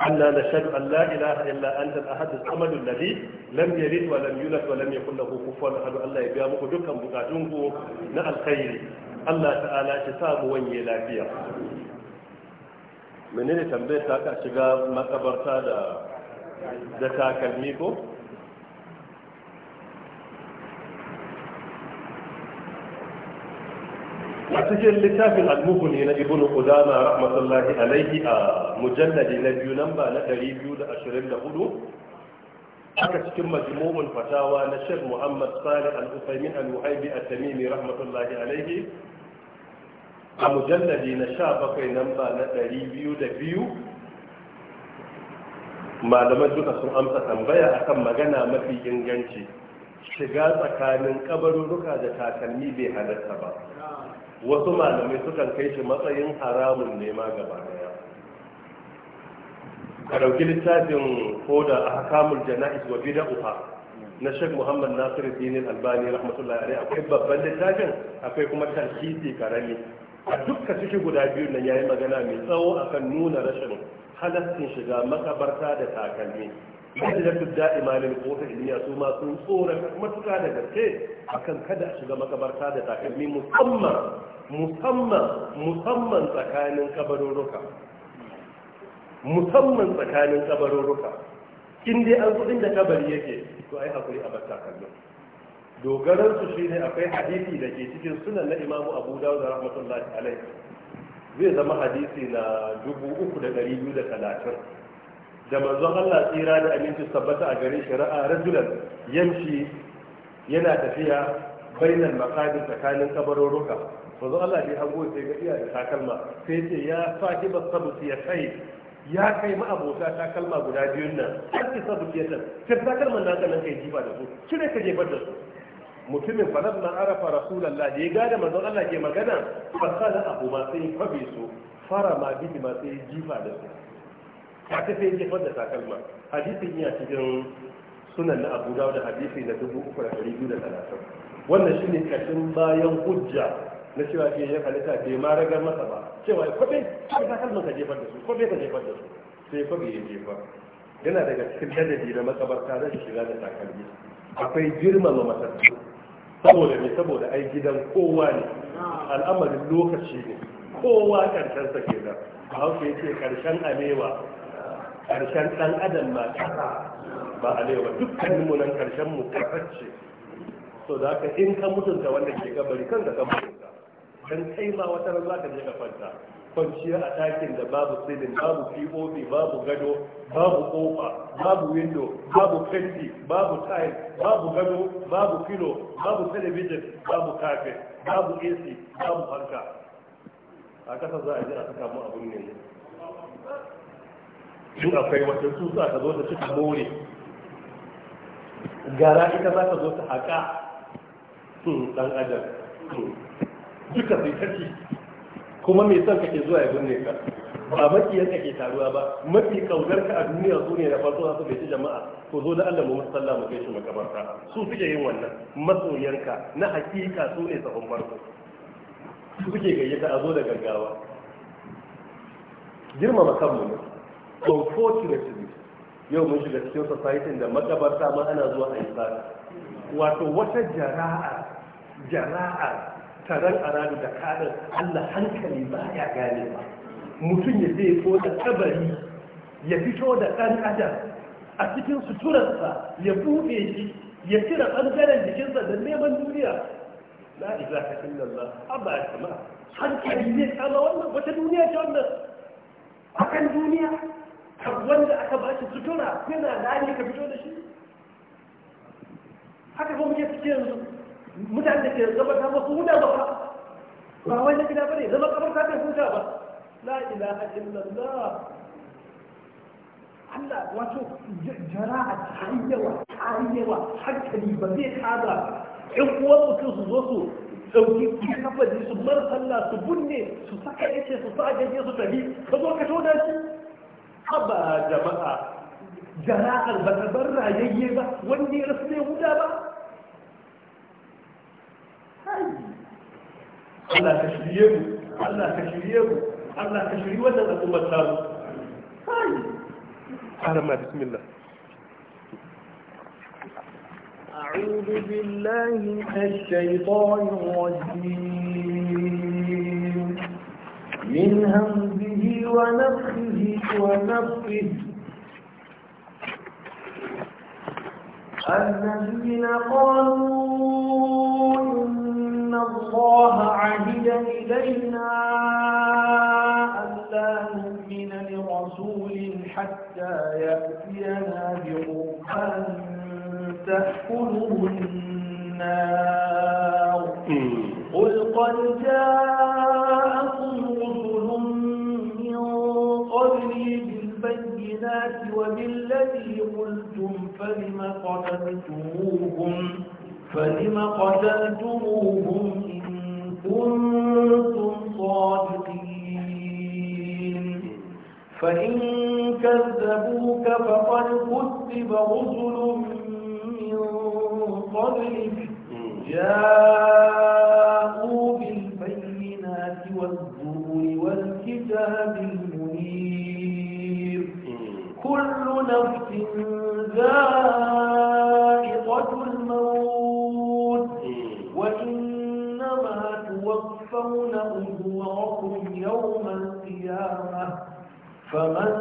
alla na shaɗu an la’ila illa an da ahadin amalin lalli lam yalid wa lam yulad wa lam yakun lahu kufuwan hadu Allah ya biya muku dukkan bukatun ku na alkhairi Allah ta'ala ta sa mu wanye lafiya menene tambayar ta ka shiga makabarta da da takalmi ko a cikin littafin al-mughni na ibnu qudama rahmatullahi alayhi a mujalladi na biyu namba na 224 haka cikin majmu'ul fatawa na Sheikh Muhammad Salih Al-Uthaymeen Al-Wahibi At-Tamimi rahmatullahi alayhi a mujalladi na 17 namba na 202 malaman duka sun amsa tambaya akan magana mafi inganci shiga tsakanin kabaruruka da takalmi bai halarta ba wasu malamai sukan kai shi matsayin haramun nema gaba daya ka ɗauki littafin koda a hakamul jana'is wa bida uha na shek muhammad nasir dinin albani rahmatullahi alaihi akwai babban littafin akwai kuma tarkisi karami a dukkan ciki guda biyu na yayi magana mai tsawo akan nuna rashin halaccin shiga makabarta da takalmi majalisar da'ima ne ko iliya duniya su ma sun matuka da gaske akan kada a shiga makabarta da takalmi musamman musamman musamman tsakanin kabaruruka musamman tsakanin kabaruruka in an kudin da kabari yake to ai hakuri a bar takalmin dogaran su shine akwai hadisi da ke cikin sunan na imamu abu dawud rahmatullahi alaihi zai zama hadisi na 3230 da manzon Allah tsira da aminci tabbata a gare shari'a rajulan yamshi yana tafiya bainal maqabir tsakanin kabaruruka manzo Allah bai hango sai ga iya takalma sai ce ya sahiba sabuti ya kai ya kai ma abota takalma guda biyun nan har ki sabuti ya tan ka takalman nan kana kai jiba da su kire ka jefar da su mutumin falamma arafa rasulullah da ya gada manzon Allah ke magana fa abu ma sai fabe su fara ma bihi ma sai jifa da su ta sai ke fadda takalma hadisin ya cikin sunan na abu dawo da hadisi na talatin. wannan shine kashin bayan hujja na cewa ke ya halitta bai ma ragar masa ba cewa ya kwabe ta takalman ka jefar da su kwabe ka jefar da su sai kwabe ya jefa yana daga cikin ladabi na makabarta da shiga da takalmi akwai girmama matattu saboda ne saboda ai gidan kowa ne al'amarin lokaci ne kowa karshen sa kenan a hausa yake karshen amewa karshen ɗan adam ma ba a laiwa dukkanin mu nan karshen mu kasance so da haka in ka mutunta wanda ke gabari kan ka mutunta dan kai ma wata ran zaka je ka kwanta kwanciya a takin da babu silin babu pop babu gado babu kofa babu window babu fenti babu tile babu gado babu filo babu television babu kafet, babu ac babu fanka a kasa za a je a saka mu abun ne in akwai wata tsutsa ta zo ta ci ta more gara ita za ta zo ta haƙa ɗan adam duka sai ta kuma mai son kake zuwa ya binne ka ba makiyan yanka ke taruwa ba mafi kaunar ka a duniya su ne na farko su bai ci jama'a ko zo da Allah mu musalla mu kai shi makabarta su suke yin wannan masoyanka na hakika su ne sahun farko su suke gayyata a zo da gaggawa girmama kanmu ne unfortunately yau mun shiga cikin society da makabarta ma ana zuwa a yi wato wata jara'a jara'a taron arabi da kadar allah hankali ba ya gane ba mutum ya zai ko da kabari ya fito da dan adam a cikin suturarsa ya buɗe shi ya cire ɓangaren jikinsa da neman duniya Na la ilaha illallah abba ya kama hankali ne kama wannan wata duniya ce wannan akan duniya wanda aka ba shi sutura kuna lani ka fito da shi haka kuma muke cikin yanzu mutane da ke zama ta ba su huda ba ba ba wai na gida bane zama kamar ta kai ba la ilaha illallah Allah wato jara'a a yi yawa ta yi yawa hankali ba zai kada in uwan mutum su zo su ɗauki kafa su mara sallah su bunne su saka ice, su sa gaje su tafi ka zo ka da shi haba jama'a jara'ar ba ta bar rayayye ba wanda ya rasu ne huda ba Allah ka shirye mu Allah ka shirye mu Allah ka shirye wannan al'ummar tamu kai ana ma bismillah أعوذ بالله من الشيطان الرجيم من همزه ونفخه ونفخه الذين قالوا إن الله عهد إلينا ألا نؤمن لرسول حتى يأتينا بقرآن تأكله النار قل قد جاء قتلتم فلم قتلتموهم فلم قتلتموهم إن كنتم صادقين فإن كذبوك فقد كذب رسل من قبلك جاءوا بالبينات والزور والكتاب المبين كل نفس ذائقة الموت وإنما توفون أجوركم يوم القيامة فمن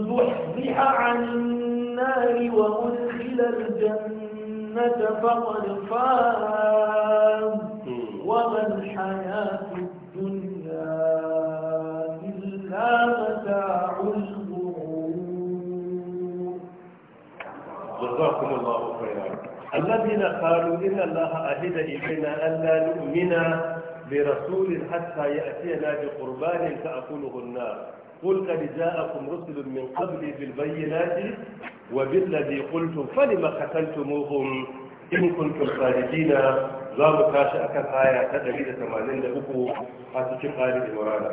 زحزح عن النار وأدخل الجنة فقد فاز وما الحياة الدنيا جزاكم الله خيرا الذين قالوا إن الله أهد إلينا ألا نؤمن برسول حتى يأتينا بقربان تأكله النار قل قد جاءكم رسل من قبل بالبينات وبالذي قلتم فلم قتلتموهم إن كنتم خالدين za mu tashi akan aya ta 183 a cikin Ali Imran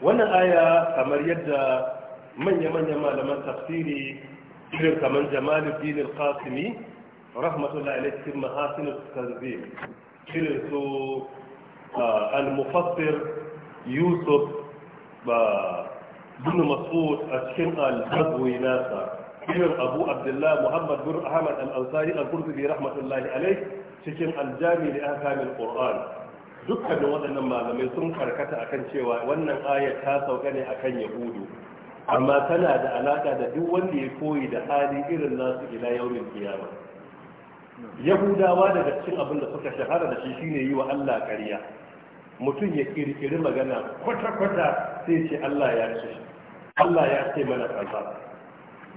wannan aya kamar yadda manya-manyan malaman tafsiri irin kamar jamaluddin al Kasimi, rahmatullahi alaihi cikin mahasin irin su al-mufassir yusuf ba bin mas'ud a cikin al-bazwi nasa irin abu Abdullahi, muhammad bin ahmad al-ansari al-qurtubi rahmatullahi alaihi cikin aljami jami li ahkamil dukkanin waɗannan malamai sun karkata akan cewa wannan ayat ta sauka ne akan yahudu amma tana da alaka da duk wanda ya koyi da hali irin nasu ila yawmin kiyama yahudawa daga cikin abin da suka shahara da shi shine yi wa Allah ƙarya mutum ya kirkiri magana kwata-kwata sai ce Allah ya ce Allah ya ce mana kaza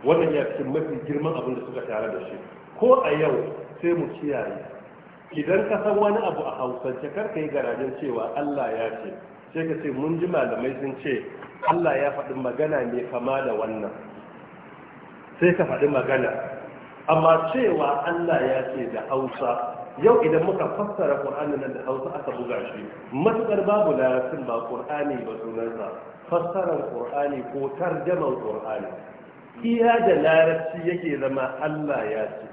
wannan ya cikin mafi girman abin da suka shahara da shi ko a yau sai mu kiyaye idan ka san wani abu a hausance kar ka yi garajin cewa Allah ya ce sai ka ce mun ji malamai sun ce Allah ya faɗi magana mai kama da wannan sai ka faɗi magana amma cewa Allah ya ce da Hausa yau idan muka fassara Qur'anin nan da Hausa aka buga shi matukar babu larabcin ba Qur'ani ba sunansa fassarar Qur'ani ko tarjaman Qur'ani iya da larabci yake zama Allah ya ce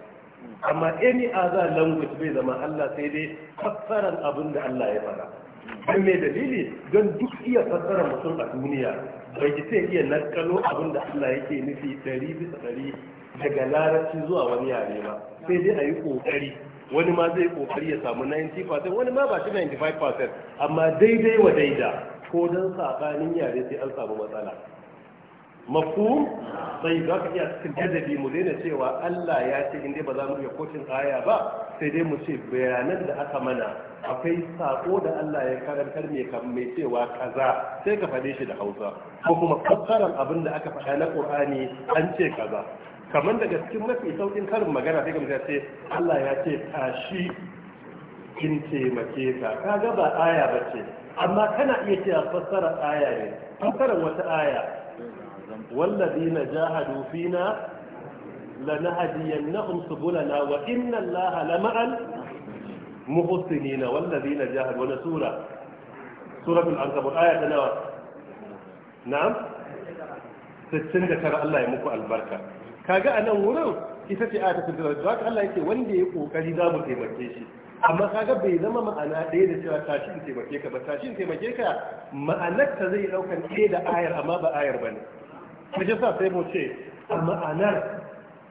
amma any other language bai zama Allah sai dai fassarar abin da Allah ya faɗa don mai dalili don duk iya fassara mutum a duniya bai ji sai iya nakalo abin da Allah yake nufi ɗari bisa ɗari daga larabci zuwa wani yare ba sai dai a yi ƙoƙari wani ma zai ƙoƙari ya samu 90% wani ma ba shi 95% amma daidai wa daida ko don saɓanin yare sai an samu matsala mafu sai za ka iya cikin jadabi mu daina cewa Allah ya ce in dai ba za mu iya kotun aya ba sai dai mu ce bayanan da aka mana akwai sako da Allah ya karantar mai mai cewa kaza sai ka faɗi shi da Hausa ko kuma kafaran abin da aka faɗa na Qur'ani an ce kaza kamar daga cikin mafi saukin karin magana sai ka ce Allah ya ce tashi in taimake ka kaga ba aya bace amma kana iya cewa fassara aya ne fassara wata aya والذين جاهدوا فينا لنهدينهم سبلنا وإن الله لمع المحسنين والذين جاهدوا ولا سورة سورة العنكبوت آية نوى نعم ستين ذكر الله يمكو البركة كاجا أنا ورم ita ce aya ta tattara da haka Allah yake wanda ya kokari za mu taimake shi amma kaga bai zama ma'ana ɗaya da cewa tashi in taimake ka ba tashi in ma'anar ta zai ɗaukar ɗaya da ayar amma ba ayar ba ne kaje sa sai mu ce a ma'anar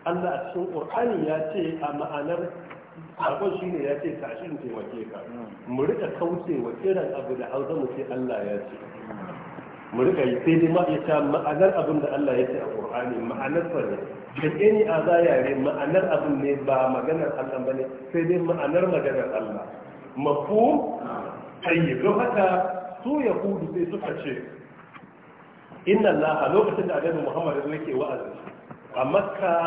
Allah a cikin Qur'ani ya ce a ma'anar shi shine ya ce tashi in taimake ka mu rika kauce wa kiran abu da hausa mu ce Allah ya ce mu rika yi sai dai ma ya ta ma'anar abin da Allah ya ce a Qur'ani ma'anar sa ne da ni a ma'anar abin ne ba maganar Allah bane sai dai ma'anar maganar Allah mafhum tayyib haka su yahudu sai suka ce inna allaha lokacin da annabi muhammad ya yake wa'azi a makka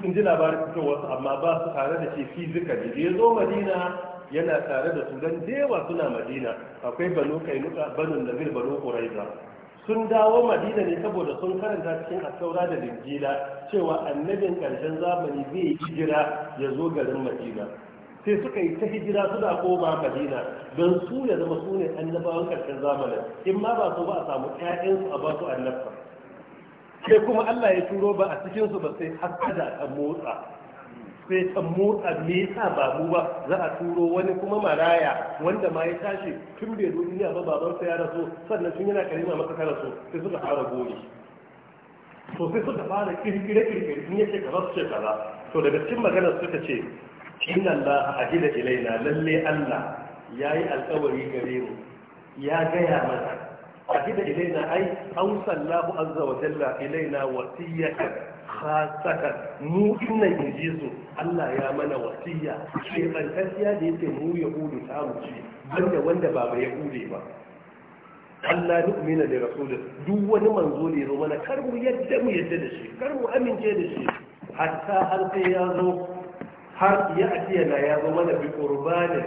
sun ji labarin su, amma ba su tare da shi fizikali da ya zo madina yana tare da su don dewa suna madina akwai banu kainuka banu nazir banu quraiza sun dawo madina ne saboda sun karanta cikin asaura da linjila cewa annabin karshen zamani zai hijira ya zo garin madina sai suka yi ta hijira suna koma madina don su ya zama su ne annabawan karshen zamanin in ma ba su ba a samu ƴaƴansu a ba su annabta sai kuma Allah ya turo ba a cikin su ba sai da ta motsa sai ta motsa me ba mu ba za a turo wani kuma maraya wanda ma ya tashi tun bai zo duniya ba babansa ya rasu sannan tun yana karima masa ta rasu sai suka fara goyi to sai suka fara kirkire kirkire in yake kaza su ce kaza to daga cikin maganar suka ce inna allaha ajida ilaina lalle allah yayi alƙawari gare mu ya gaya mana ajida ilaina ai an sallahu azza wa jalla ilaina wasiyatan khasatan mu inna inji su allah ya mana wasiyya ke tsantsanciya da yake mu yahudu ta mu banda wanda ba ya yahude ba Allah nu'mina da rasulun duk wani manzo ne zo mana kar mu yadda mu yadda da shi kar mu amince da shi hatta har sai ya zo har ya ajiya na ya zama da bi qurbanin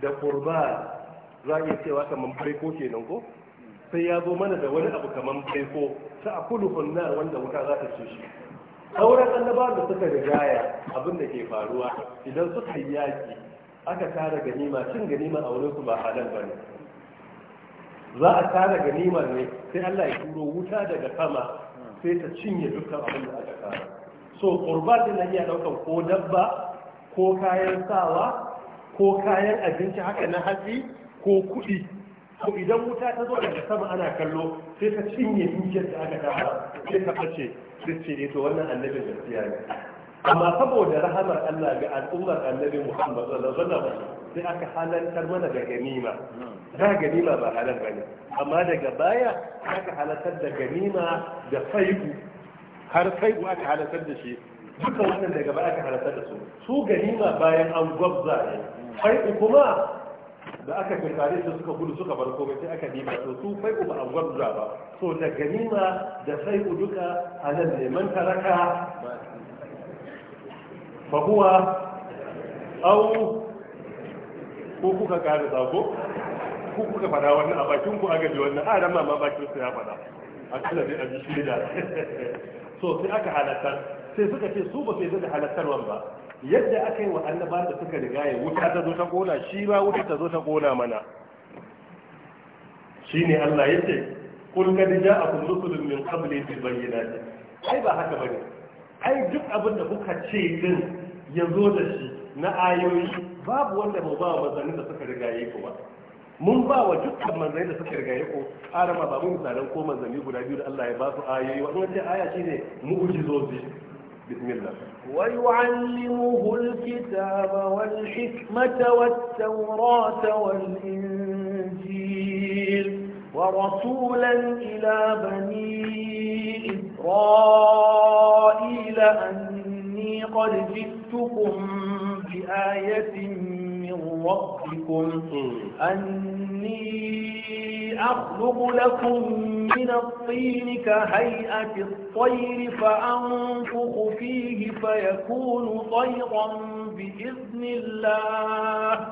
da qurban za a iya cewa kaman baiko kenan ko sai ya zo mana da wani abu kaman baiko ta akulu kunna wanda wuta za ta ci shi sauran annabawan da suka rigaya abin da ke faruwa idan suka yi yaki aka tara ganima cin ganima a su ba halal ba ne za a tara ganimar ne sai Allah ya turo wuta daga sama sai ta cinye dukkan abin da aka tara so qurba din ya daukan ko dabba ko kayan sawa ko kayan abinci haka na hatsi ko kuɗi ko idan wuta ta zo daga sama ana kallo sai ta cinye dukiyar da aka tara sai ta face sai ce eh, to wannan annabin gaskiya ne amma saboda rahamar Allah ga al'ummar annabi Muhammad sallallahu alaihi wasallam sai aka halantar mana da ganima da ganima ba halal bane amma daga baya aka halantar da ganima da faigu har faigu aka halantar da shi duka wannan daga baya aka halarta da su su ganima bayan an gwabza ne fai'u kuma da aka tare su suka gudu suka bar komai sai aka nima to su fai'u ba an gwabza ba so da ganima da fai'u duka a nan neman taraka Ba huwa au ko kuka kare zago ku kuka fada wannan a bakin ku aka ji wannan a ran ma bakin su ya fada a kala dai a ji shi da so sai aka halatta sai suka ce su ba su yi da halattarwan ba yadda aka yi wa annaba da suka riga ya wuta ta zo ta kona shi ba wuta ta zo ta kona mana Shi ne Allah yace kul a ja'akum rusulun min qabli bayyana ce. ai ba haka bane ai duk abin da kuka ce din ya zo da shi na ayoyi babu wanda ba ba manzanni da suka riga yi ba mun ba wa dukkan manzanni da suka riga ku ko arama ba mun misalan ko manzanni guda biyu da Allah ya ba su ayoyi wannan ce aya shine mu'jizozi بسم الله ويعلمه الكتاب والحكمة والتوراة والإنجيل ورسولا إلى بني إسرائيل أني قد جئتكم بآية من ربكم أني أخلق لكم من الطين كهيئة الطير فأنفخ فيه فيكون طيرا بإذن الله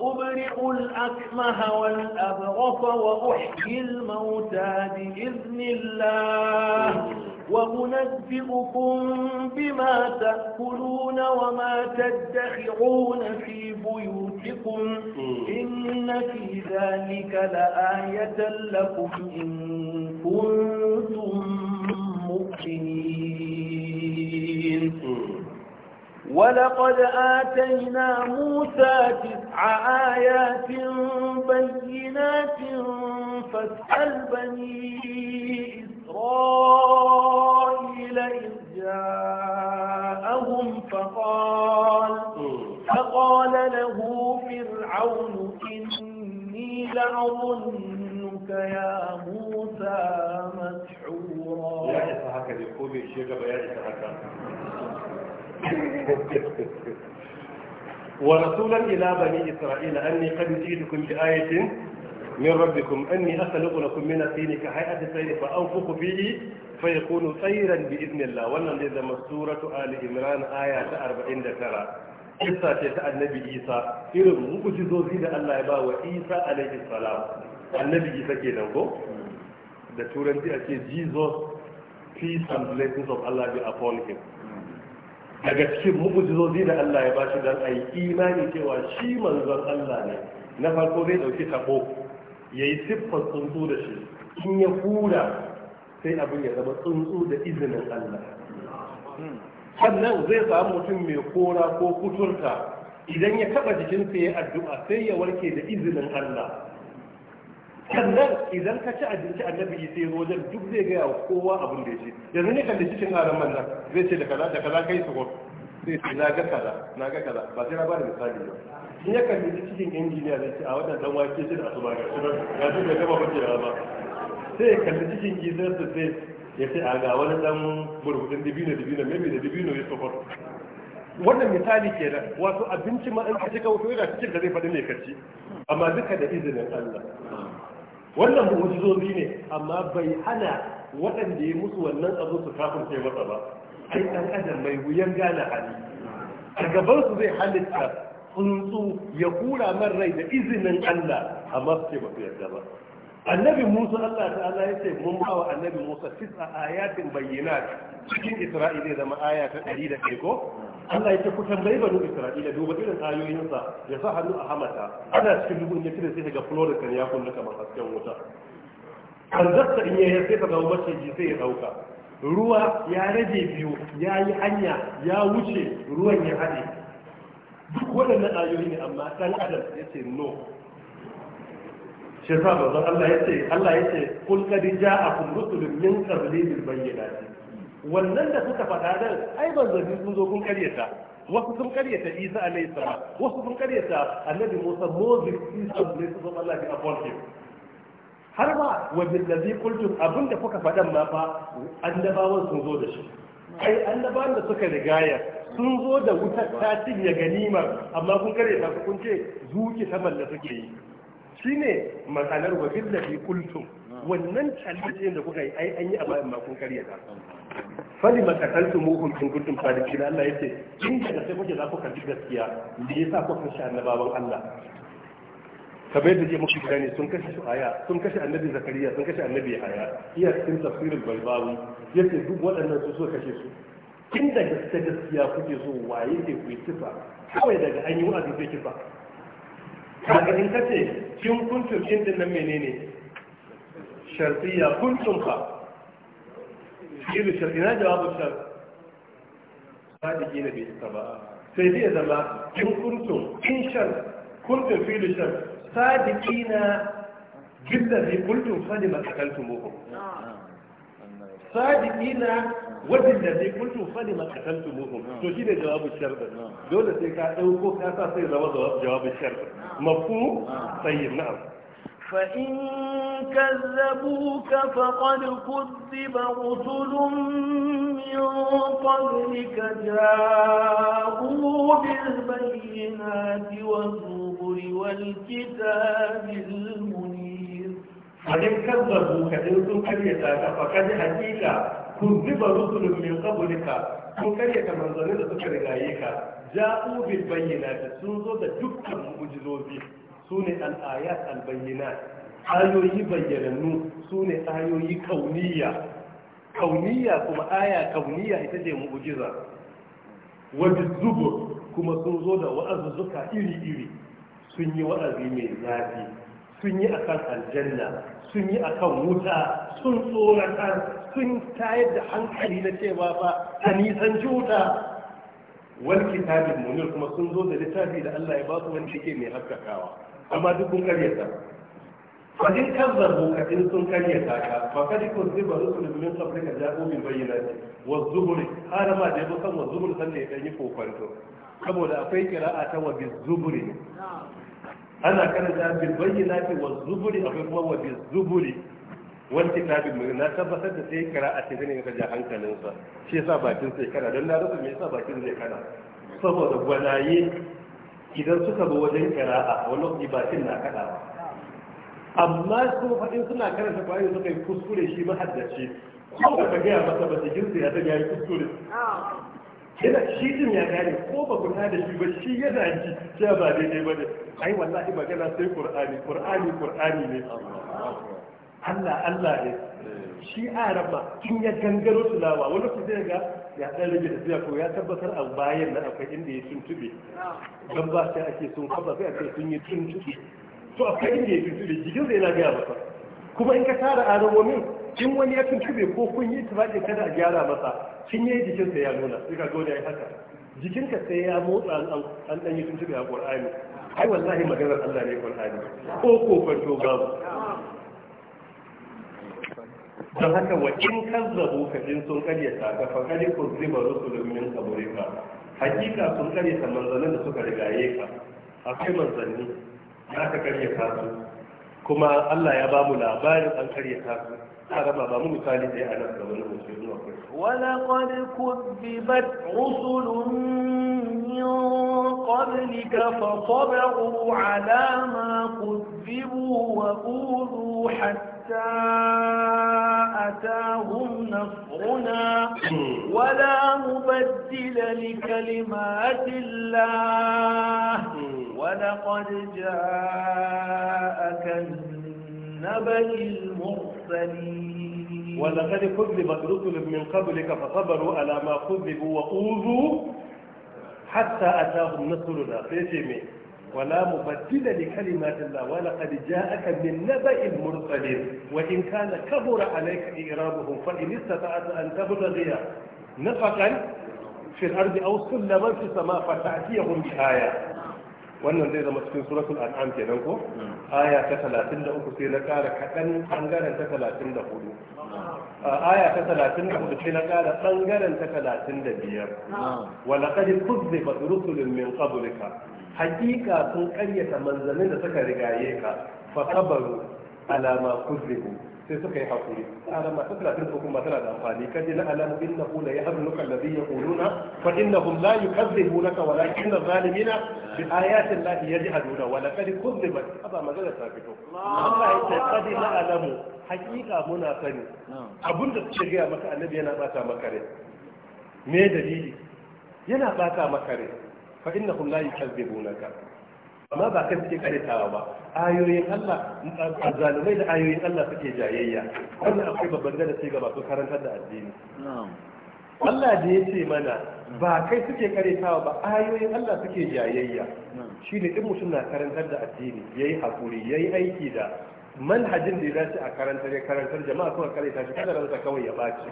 وأبرئ الأكمه والأبرص وأحيي الموتى بإذن الله وأنبئكم بما تأكلون وما تدخعون في بيوتكم إن في ذلك لآية لكم إن كنتم مؤمنين ولقد آتينا موسى تسع آيات بينات فاسأل بني إسرائيل إذ جاءهم فقال فقال له فرعون إني لأظنك يا موسى مسحورا يا إسحاق يقول الشيخ بيان إسحاق ورسولا إلى بني إسرائيل أني قد جئتكم بآية من ربكم أني أخلق لكم من الطين كهيئة الطير فأنفخ فيه فيكون طيرا بإذن الله وأن إذا مسورة آل عمران آية 49 قصة تاع النبي عيسى إلى معجزوزي da Allah ya ba wa Isa alaihi salam annabi Isa kenan ko da turanci ake Jesus peace and blessings of Allah be upon him daga cikin mu'ujizozi da Allah ya ba shi dan ayi imani cewa shi manzon Allah ne na farko zai dauki ya yayi siffar tsuntsu da shi in ya hura sai abin ya zama tsuntsu da izinin Allah sannan zai samu mutum mai kora ko kuturta idan ya taɓa jikinsa ya addu'a sai ya warke da izinin Allah sannan idan ka ci abinci annabi sai zo duk zai gaya wa kowa abin da ya ce yanzu ne kan da cikin aran man nan zai ce da kaza da kaza kai su zai ce na ga kaza na ga kaza ba sai na ba da misali ba in ya kalli cikin injiniya zai ce a wannan dan wake shi da asuba ga shi ga shi bai gaba bacewa ba sai ya kalli cikin gizar da zai ya ce a ga wani dan burbudin dibino dibino mai da dibino ya sofar wannan misali ke nan wato abinci ma an kaci kawo yana cikin da zai faɗi ne karci amma duka da izinin Allah wannan mu'jizozi ne amma bai hana waɗanda ya musu wannan abu su kafin sai masa ba ai dan adam mai wuyan gane hali a gaban su zai halitta tsuntsu ya kura man rai da izinin Allah amma su ce ba su yarda ba annabi musa allah ta'ala ya ce mun ba wa annabi musa tis a ayatin bayyana cikin isra'ila zama aya ta ɗari da ko Allah yake ku bai banu Isra'ila duba irin ayoyinsa ya sa hannu a hamata ana cikin dubu ya cire sai ga Florida kan ya kunna kamar hasken wuta zasta in yayi sai ka zama maciji sai ya dauka ruwa ya rage biyu ya yi hanya ya wuce ruwan ya haɗe duk waɗannan ayoyi ne amma ɗan adam ya ce no shi sa Allah ya ce Allah ya ce kul qad ja'akum rusulun min qabli bayyinati wannan da suka faɗa nan ai manzanni sun zo kun karyata wasu sun karyata isa alayhi salam wasu sun karyata annabi musa moses isa ne su zama allah a kwalfe har ma wa billazi qultum abinda kuka faɗan ma fa annabawan sun zo da shi ai annabawan da suka rigaya sun zo da wutar ta cinye ganimar amma kun karyata kun ce zuki saman da suke yi shine matsalar wa billazi kultun. wannan challenge da kuka yi ai an yi a bayan makon kariya da fali makataltu muhum in kuntum sadiqin Allah yace in da sai kuke za ku kalli gaskiya me yasa ku kashe annabawan Allah kamar yadda je muku gane sun kashe aya sun kashe annabi Zakariya sun kashe annabi haya iya cikin tafsirin Balbawi yace duk waɗannan su suka kashe su kin da gaske gaskiya kuke so waye ke ku kisa kawai daga an yi wa'azi sai kisa kaga in kace kin kuntum kin din nan menene الشرقية كنتم خاطئ يجيب الشرطية ما جواب الشرط هذه جينا في الطبعة سيدي إذا ما إن كنتم إن شرط كنتم في الشرق صادقين جدا في قلتم صادق ما قتلتموه صادقين ود الذي قلت فلما قتلتموهم تجيب جواب الشرط دولة تلك أوكو كاتا سيزا جواب الشرط مفهوم طيب نعم فإن كذبوك فقد كذب رسل من قبلك جاءوا بالبينات والزبر والكتاب المنير فإن كذبوك إنتم كريتا فقد حقيقة كذب رسل من قبلك kun karyata manzannin da جاءوا بالبينات ka ja'u مجلوبين su ne al'ayat albayyana ayoyi bayyanannu su ne ayoyi kauniya kauniya kuma aya kauniya ita ce mu'ujiza wadda zubo kuma sun zo da wa'azuzzuka iri-iri sun yi wa'azi mai zafi sun yi akan aljanna sun yi akan wuta sun tsorata sun tayar da hankali na cewa ba a nisan cuta wani kitabin munir kuma sun zo da littafi da Allah ya ba su wani cike mai haskakawa amma duk kun karyata fadin kazzar bukatun sun karyata ka ba kadi kun sai ba rusul min qablika ja'u min ce wa zuhuri har ma dai bukan wa san ne dan yi kokonto saboda akwai kira'a ta wa zuhuri ana karanta bayyana ce wa zuhuri akwai kuma wa bizubri wani kitabin mai na tabbatar da sai kira a cikin ya kaja hankalinsa shi yasa bakin sai kana don na rasa me yasa bakin zai kana saboda gwanaye idan suka zo wajen kira'a wani lokaci bakin na kaɗawa amma su faɗin suna karanta kwayoyi suka yi kuskure shi mahaddace ko ba ka gaya masa ba su ya san ya yi kuskure yana shi din ya gane ko ba ku da shi ba shi yana ji cewa ba daidai ba ne ai wallahi magana sai qur'ani qur'ani qur'ani ne Allah Allah ne shi raba in ya gangaro tilawa wani su zai ga ya dan rage tafiya ko ya tabbatar a bayan da akwai inda ya tuntube don ba sai ake sun kafa sai ake sun yi tuntube to akwai inda ya tuntube jikin zai na ba masa kuma in ka tara alamomin in wani ya tuntube ko kun yi tufaɗi kada a gyara masa kin yi jikinsa ya nuna sai ka gode ya haka jikinka sai ya motsa an ɗan yi tuntube a ƙur'ani ai wallahi maganar Allah ne Qur'ani ko ko kwanto babu don haka wa in kazzabu ka in sun karyata ka fa kadi ku ziba rusulun min qabrika hakika sun karyata manzanin da suka rigaye ka akwai manzanni za ka karyata su kuma Allah ya ba mu labarin an karyata su harama ba mu misali da a nan gaba na musulmi akwai ولقد كذبت رسل من قبلك فصبروا على ما كذبوا وأوذوا حتى حتى أتاهم نصرنا ولا مبدل لكلمات الله ولقد جاءك النبأ المرسلين ولقد كذبت رسل من قبلك فصبروا على ما كذبوا وأوذوا حتى أتاهم نصرنا فيتي ولا مبدل لكلمات الله ولقد جاءك من نبأ المرسلين وإن كان كبر عليك إعرابهم فإن استطعت أن تبتغي نفقا في الأرض أو سلما في السماء فتأتيهم بآية wannan zai zama cikin suratul an'am kenan ko aya ta 33 sai na kara kaɗan ɓangaren ta 34 aya ta 34 sai na kara ɓangaren ta 35 wa laqad kuzzibat rusulun min qablika hakika sun karyata manzannin da suka rigaye ka fa kabaru alama kuzibu sai suka yi hakuri alama ta talatin da hukuma tana da amfani kan ji na alamu inna hu la yahzunu ya yaquluna fa innahum la yukadzibunaka walakinna zalimina bi ayati llahi yajhaduna wa laqad kuzibat aba magana ta fito Allah ya ce qad na alamu hakika muna sani abinda suke ga maka annabi yana bata maka rai me dalili yana bata maka rai fa innahum la yukadzibunaka amma ba kan suke karitawa ba ayoyin Allah azzalumai da ayoyin Allah suke jayayya wannan akwai babban darasi ga masu karantar da addini Allah da ya ce mana ba kai suke karetawa ba ayoyin Allah suke jayayya shi ne ɗin mutum na karantar da addini ya yi haƙuri ya yi aiki da manhajin da ya dace a karantar ya karantar jama'a kuma kareta shi kada rasa kawai ya baci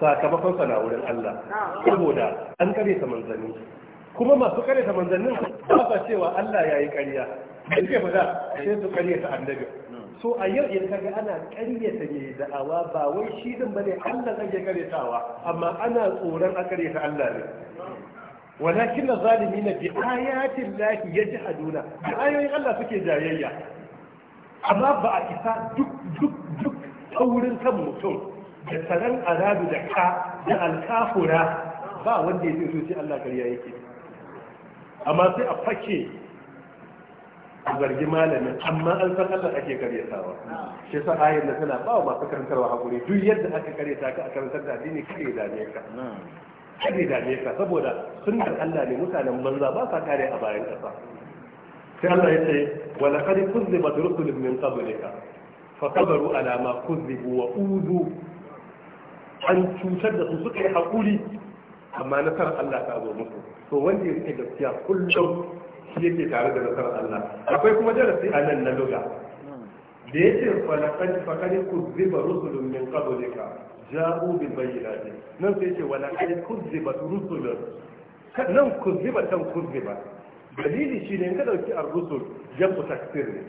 sakamakon na wurin Allah saboda an kareta manzanni kuma masu kare ta manzannin ba sa cewa Allah ya yi ƙarya da ke faɗa sai su ƙarya ta annabi so a yau in kaga ana ta ne da'awa ba wai shi din bane Allah zai ƙaryatawa amma ana tsoron a ta Allah ne walakin zalimin bi ayatin lahi yajhaduna da ayoyin Allah suke jayayya amma ba a isa duk duk duk taurin kan mutum da tsaron arabu da ka da alkafura ba wanda ya zo shi Allah kariya yake amma sai a fake a zargi malamin amma an san Allah ake karyatawa shi yasa ayar da tana ba masu karantarwa hakuri duk yadda aka karyata ka a karantar da addini kare da ne ka kare da ne ka saboda sunnar Allah ne mutanen banza ba sa kare a bayan kasa sai Allah ya ce wa laqad kuzzibat rusulun min qablika fa kabaru ala ma kuzzibu wa udu an cutar da su suka yi hakuri amma nasarar Allah ta zo musu to wanda ya rike gaskiya kullum shi yake tare da nasarar Allah akwai kuma darasi a nan na luga da yake falaqad faqad kuzziba rusulun min qablika ja'u bi bayyinati nan sai yake walaqad kuzziba rusulun nan kuzziba tan kuzziba dalili shi ne in ka dauki ar-rusul jam'u taksir ne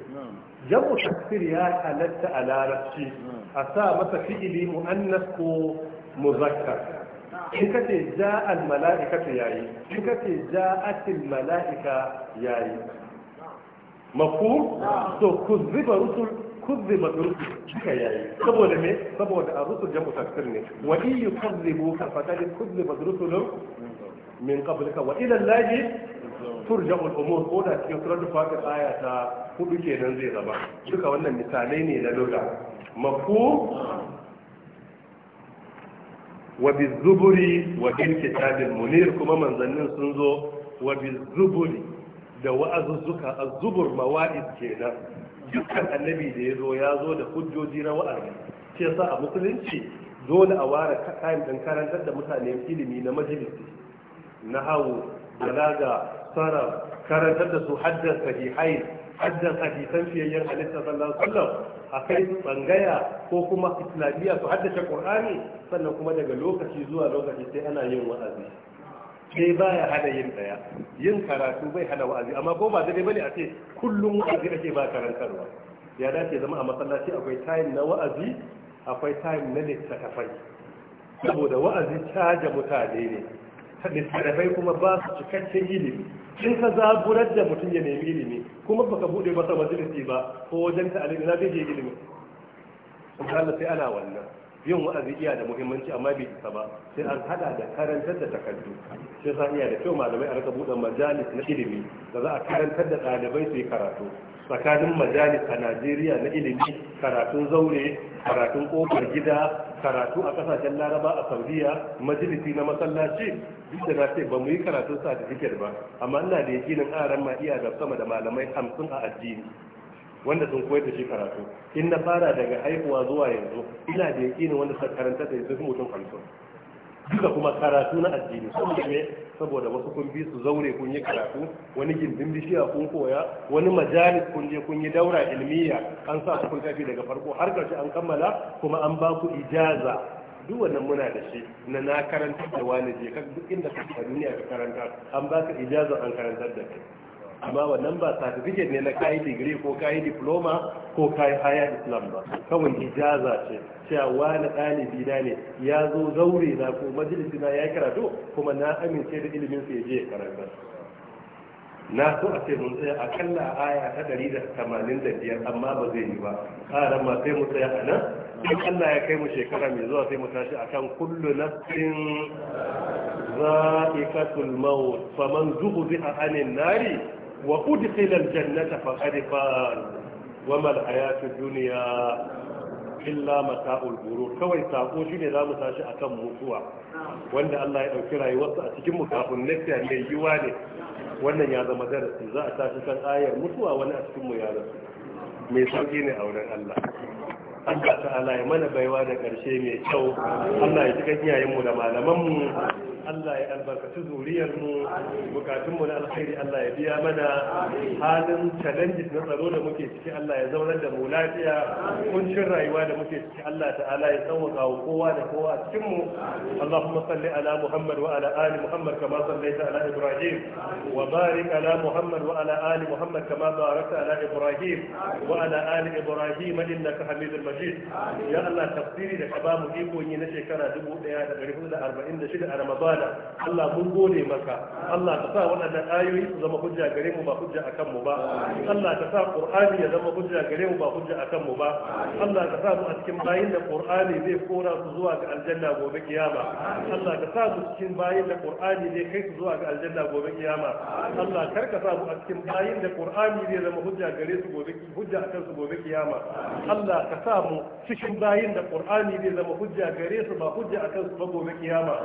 jabu taksir ya halatta a larabci a sa masa fi'ili mu'annas ko muzakkar in ka ce ja a mala'ika ta yayi in ka ce ja cin mala'ika yayi mafu to ziba rusul ziba rusul suka yayi saboda me saboda a rusul jam'u tafsir ne wa in yukazzibu ka ku ziba rusulun min qablika wa ila allahi tur al-umur ko da cikin da fatir aya ta hudu kenan zai zama duka wannan misalai ne na lura mafu wa bizuburi wa bin kitabil munir kuma manzannin sun zo wa bizuburi da wa'azuzzuka azzubur mawa'iz kenan dukkan annabi da ya zo ya zo da hujjoji na wa'azi Ke sa a musulunci dole a ware kayan ɗan karantar da mutane ilimi na majalisi na hawo balaga sarab karantar da su haddar sahihai haddan hadisan fiyayyar halitta sallallahu alaihi wasallam a kai su ko kuma islamiyya su haddace qur'ani sannan kuma daga lokaci zuwa lokaci sai ana yin wa'azi sai baya hada yin daya yin karatu bai hada wa'azi amma ko ba dai bane a ce kullum wa'azi ake ba karantarwa ya dace zama a masallaci akwai time na wa'azi akwai time na littattafai saboda wa'azi caja mutane ne littattafai kuma ba su cikakken ilimi in ka zaburar da mutum ya nemi ilimi kuma baka bude masa majalisi ba ko wajen alimi na zai ilimi. ilimi subhanallah sai ana wannan yin wa'azi iya da muhimmanci amma bai isa ba sai an hada da karantar da takardu sai sa iya da kyau malamai a rika buɗe majalis na ilimi da za a karantar da ɗalibai su yi karatu tsakanin majalis a najeriya na ilimi karatun zaure karatun kofar gida karatu a kasashen laraba a saudiya majalisi na masallaci duk da na ce ba mu yi karatun certificate ba amma ina da yakinin aran ma iya da sama da malamai hamsin a addini wanda sun koyar da shi karatu in na fara daga haihuwa zuwa yanzu ina da yakinin wanda suka karanta da yanzu mutum hamsin duka kuma karatu na addini saboda me saboda wasu kun bi su zaure kun yi karatu wani gindin bishiya kun koya wani majalis kun je kun yi daura ilmiya an sa kun tafi daga farko har karshe an kammala kuma an ba ku ijaza duk wannan muna da shi na na karanta da wani je duk inda ka duniya ka karanta an ba ka ijaza an karantar da kai amma wannan ba certificate ne na kayi digiri ko kayi diploma ko kayi haya islam ba kawai ijaza ce cewa wani ɗalibi na ne ya zo zaure na ko majalisi na ya karatu kuma na amince da ilimin sa ya je na so a ce mun tsaya akalla a aya ta ɗari da tamanin da biyar amma ba zai yi ba ƙaran ma sai mu tsaya a nan in Allah ya kai mu shekara mai zuwa sai mu tashi akan kullu nafsin za'ikatul maut faman a anin nari wa udkhila aljannata faqad faz wa mal hayatud dunya illa mata'ul ghurur kawai sako shine za mu tashi kan mutuwa wanda Allah ya dauki rayuwarsa a cikin mu kafin lafiya mai yiwa ne wannan ya zama darasi za a tashi kan ayar mutuwa wani a cikin mu ya rasu sauki ne a wurin Allah Allah ta'ala ya mana baiwa da ƙarshe mai kyau Allah ya ji ganyayen mu da malaman mu Allah ya albarkaci zuriyar mu bukatun mu na alkhairi Allah ya biya mana halin challenges na tsaro da muke ciki Allah ya zaunar da mu lafiya kuncin rayuwa da muke ciki Allah ta'ala ya tsawaka wa kowa da kowa a cikin mu Allahumma salli ala Muhammad wa ala ali Muhammad kama sallaita ala Ibrahim wa barik ala Muhammad wa ala ali Muhammad kama barakta ala Ibrahim wa ala ali Ibrahim innaka Hamidul Majid ya Allah tafsiri da ka mu iko yi na shekara 1446 a Ramadan mana Allah mun gode maka Allah ka sa waɗannan ayoyi su zama hujja gare mu ba hujja akan mu ba Allah ka sa Qur'ani ya zama hujja gare mu ba hujja akan mu ba Allah ka sa mu a cikin bayin da Qur'ani zai kora su zuwa ga aljanna gobe kiyama Allah ka sa mu cikin bayin da Qur'ani zai kai su zuwa ga aljanna gobe kiyama Allah kar ka sa mu a cikin bayin da Qur'ani zai zama hujja gare su gobe hujja akan su gobe kiyama Allah ka sa mu cikin bayin da Qur'ani zai zama hujja gare su ba hujja akan su ba gobe kiyama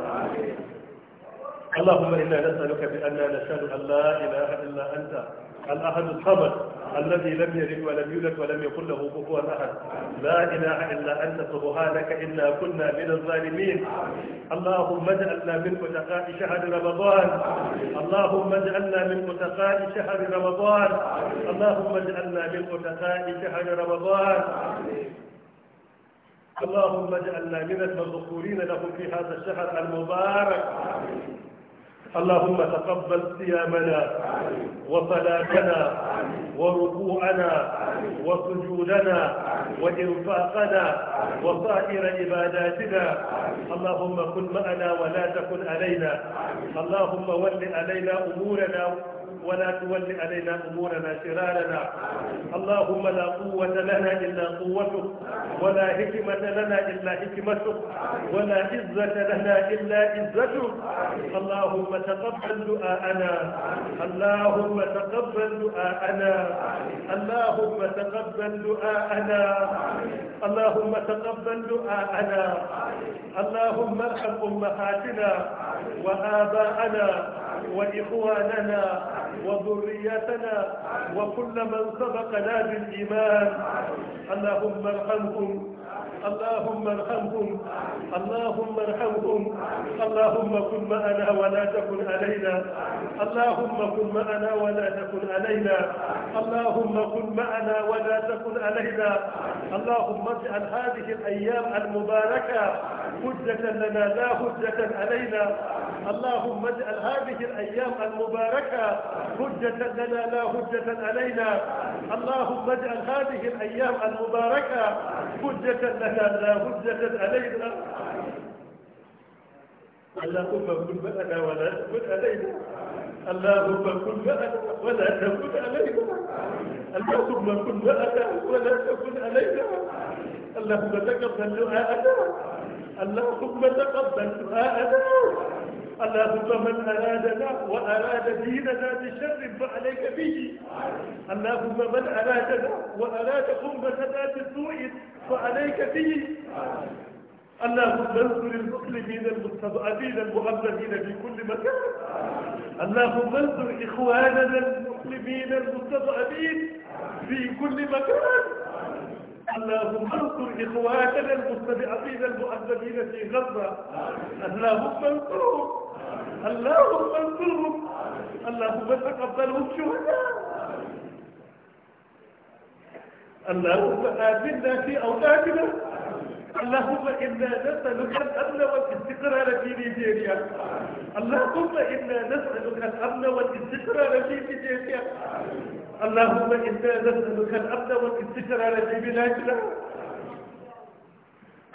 اللهم إنا نسألك بأننا نشهد أن لا إله إلا أنت الأحد الصمد الذي لم يلد ولم يولد ولم يكن له كفوا أحد لا إله إلا أنت سبحانك إنا كنا من الظالمين اللهم اجعلنا من متقاء شهر رمضان اللهم اجعلنا من متقاء شهر رمضان اللهم اجعلنا من متقاء شهر رمضان اللهم اجعلنا من المذكورين له في هذا الشهر المبارك اللهم تقبل صيامنا وصلاتنا وركوعنا وسجودنا وإنفاقنا وسائر عباداتنا اللهم كن معنا ولا تكن علينا اللهم ول علينا أمورنا ولا تول علينا أمورنا شرارنا اللهم لا قوة لنا إلا قوتك ولا حكمة لنا إلا حكمتك ولا عزة لنا إلا عزتك اللهم تقبل دعاءنا اللهم تقبل دعاءنا اللهم تقبل دعاءنا اللهم تقبل دعاءنا اللهم ارحم أمهاتنا وآباءنا وإخواننا وذريتنا وكل من سبقنا بالإيمان اللهم ارحمهم اللهم ارحمهم اللهم ارحمهم اللهم كن معنا ولا تكن علينا اللهم كن معنا ولا تكن علينا اللهم كن معنا ولا تكن علينا اللهم اجعل هذه الايام المباركه حجه لنا لا حجه علينا اللهم اجعل هذه الايام المباركه حجه لنا لا حجه علينا اللهم اجعل هذه الايام المباركه حجه لنا أنا لا هجة علينا اللهم كن معنا ولا تكن علينا اللهم كن معنا ولا تكن علينا اللهم كن معنا ولا تكن علينا اللهم تقبل دعاءنا اللهم تقبل دعاءنا اللهم من أرادنا وأراد ديننا بشر فعليك به اللهم من أرادنا وأراد أمتنا بسوء فعليك به اللهم انصر المسلمين المستضعفين المؤمنين في كل مكان اللهم انصر إخواننا المسلمين المستضعفين في كل مكان اللهم انصر إخواننا المستضعفين المؤذبين في غزة اللهم انصرهم اللهم انصرهم اللهم تقبلهم شهداء اللهم آمنا في أولادنا اللهم إنا نسألك الأمن والاستقرار في نيجيريا اللهم إنا نسألك الأمن والاستقرار في نيجيريا اللهم إنا نسألك الأمن والاستقرار في بلادنا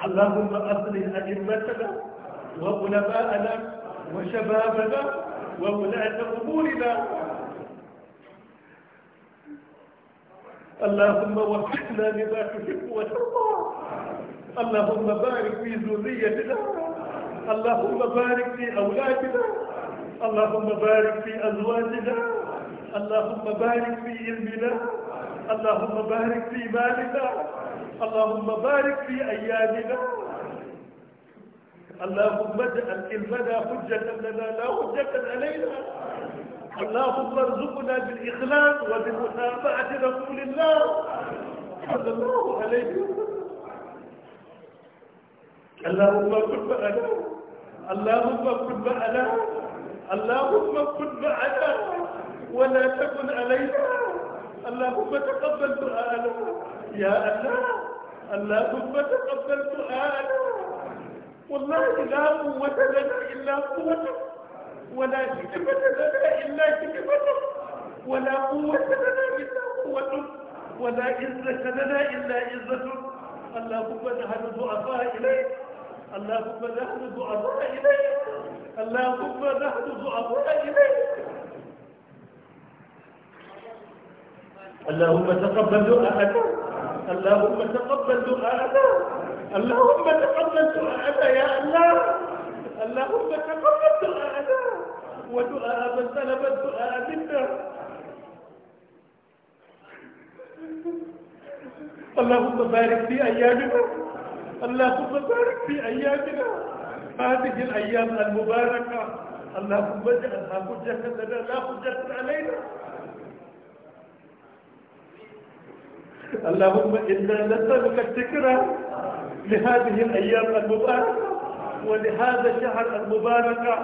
اللهم أصلح أئمتنا وعلماءنا وشبابنا وولاة أمورنا اللهم وفقنا لما تحب وترضى اللهم بارك في ذريتنا اللهم بارك في أولادنا اللهم بارك في أزواجنا اللهم بارك في علمنا اللهم بارك في مالنا اللهم بارك في أيامنا اللهم اجعل إن حجة لنا لا حجة علينا اللهم ارزقنا بالإخلاص وبمتابعة رسول الله صلى الله عليه وسلم اللهم كن معنا اللهم كن معنا اللهم كن معنا ولا تكن علينا اللهم تقبل دعاءنا يا الله اللهم تقبل دعاءنا والله لا قوة لنا إلا قوته ولا حكمة لنا إلا حكمته ولا قوة لنا إلا قوته ولا عزة لنا إلا عزته اللهم نحن ضعفاء إليك اللهم نحن ضعفاء إليك اللهم نحن ضعفاء إليك اللهم تقبل دعاءنا اللهم تقبل دعاءنا اللهم تقبل دعاءنا يا الله اللهم تقبل دعاءنا ودعاء من سلب الدعاء منا اللهم بارك في ايامنا اللهم بارك في ايامنا هذه الايام المباركه اللهم اجعلها حجه لنا لا حجه علينا اللهم إنا نسألك الذكرى لهذه الأيام المباركة ولهذا الشهر المبارك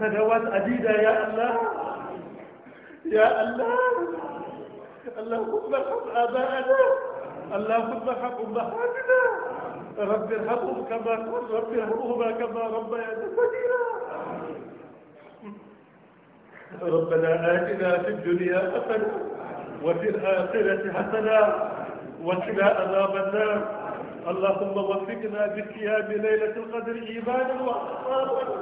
سنوات عديدة يا الله يا الله اللهم ارحم آباءنا اللهم ارحم أمهاتنا رب ارحمهم كما رب ارحمهما كما ربيانا صغيرا ربنا آتنا في الدنيا حسنة وفي الآخرة حسنة وقنا عذاب النار اللهم وفقنا بقيام ليلة القدر إيمانا واحتسابا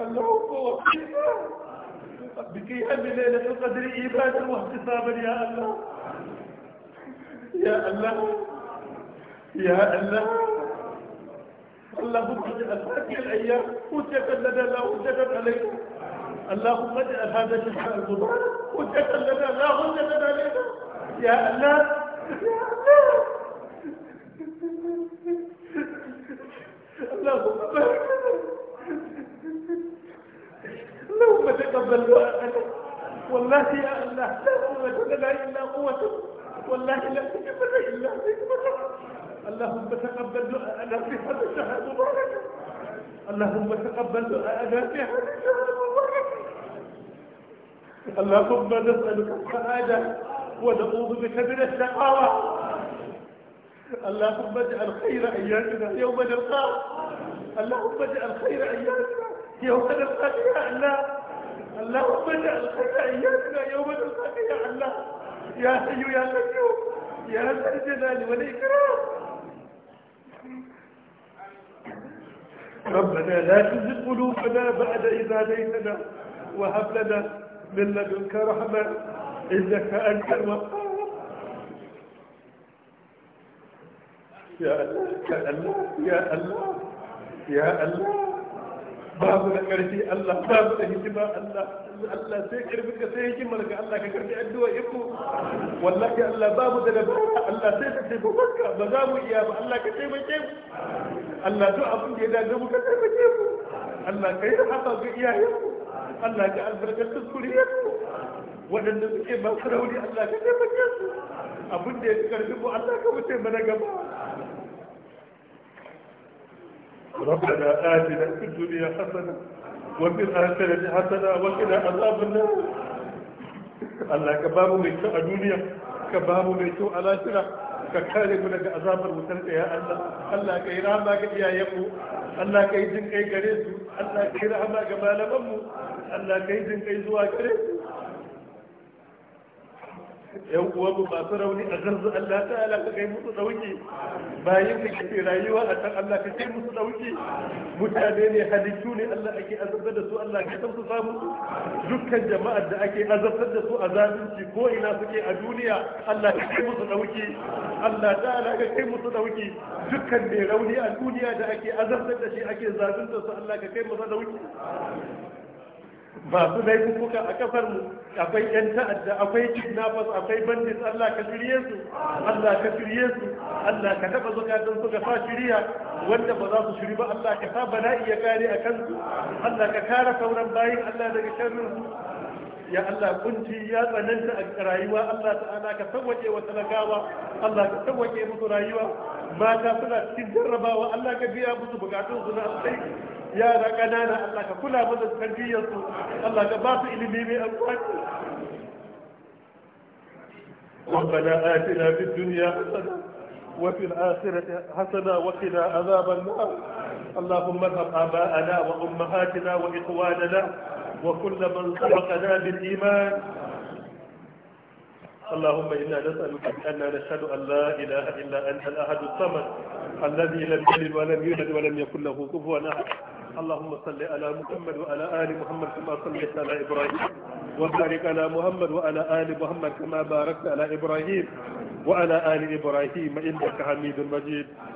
اللهم وفقنا بقيام ليلة القدر إيمانا واحتسابا يا الله يا الله يا الله اللهم اجعل هذه الأيام حجة لنا لا حجة عليك اللهم اجعل هذا الشهر المبارك حجة لنا لا حجة عليك يا الله اللهم بارك اللهم تقبل دعاءنا والله يا الله لا قوة لنا إلا قوتك والله لا تقبل إلا حكمتك اللهم تقبل دعاءنا في هذا الشهر المبارك اللهم تقبل دعاءنا في هذا الشهر المبارك اللهم نسألك السعادة ونعوذ بك من الشقاوة اللهم اجعل خير ايامنا يوم نلقاه اللهم اجعل خير ايامنا يوم نلقاه يا الله اللهم اجعل خير ايامنا يوم نلقاه يا الله يا حي يا قيوم يا ذا الجلال والاكرام ربنا لا تزغ قلوبنا بعد إذا هديتنا وهب لنا من لدنك رحمه إلا كأنك يا الله يا الله يا الله باب ذكرتي الله باب تهجم الله الله سيكر بك سيكر لك الله كتبت عدو إبو والله يا الله باب ذكرتي الله سيكر بك بغام إياب الله كتب جيب الله دعا بك إذا نبو كتب جيب الله كيف حفظ إياه الله كأل بك تذكر يبو waɗanda suke masu rauni Allah ka ce taimake su abin da ya fi karfi mu Allah ka wuce mana gaba ربنا آتنا في الدنيا حسنة وفي الآخرة حسنة وقنا عذاب النار Allah Allah ka babu mai kyau a duniya ka babu mai kyau a lafiya ka kare mu daga azabar wutar da ya Allah Allah ka yi rahama ga iyayenmu Allah ka yi jin kai gare su Allah ka yi rahama ga malamanmu Allah ka yi jin kai zuwa gare su yan uwa mu masu rauni a zarzu Allah ta ala ka kai musu dauki bayan da kake rayuwa a can Allah ka kai musu dauki mutane ne halittu ne Allah ake azabtar da su Allah ka san su samu dukkan jama'ar da ake azabtar da su a zalunci ko ina suke a duniya Allah ka kai musu dauki Allah ta ala ka kai musu dauki dukkan mai rauni a duniya da ake azabtar da shi ake zabinta su Allah ka kai musu dauki masu laifuka a kafar mu akwai yan ta'adda akwai kidnappers akwai bandit Allah ka shirye su Allah ka shirye su Allah ka taba zukatan su ga shiriya wanda ba za su shiri ba Allah ka sa bala'i ya kare a kansu Allah ka kare sauran bayi. Allah daga sharrin su ya Allah kunci ya tsananta a rayuwa Allah ta'ala ka sauwake wa talakawa Allah ka sauwake musu rayuwa mata suna cikin jarrabawa Allah ka biya musu bukatun su na alkhairi yara ƙanana Allah ka kula mana tarbiyyar su Allah ka ba su ilimi mai amfani ربنا آتنا في الدنيا حسنة وفي الآخرة حسنة وقنا عذاب النار اللهم ارحم آباءنا وأمهاتنا وإخواننا وكل من سبقنا بالإيمان اللهم إنا نسألك بأننا نشهد أن لا إله إلا أنت الأحد الصمد الذي لم يلد ولم يولد ولم يكن له كفوا أحد اللهم صل على محمد وعلى آل محمد كما صليت على إبراهيم وبارك على محمد وعلى آل محمد كما باركت على إبراهيم وعلى آل إبراهيم إنك حميد مجيد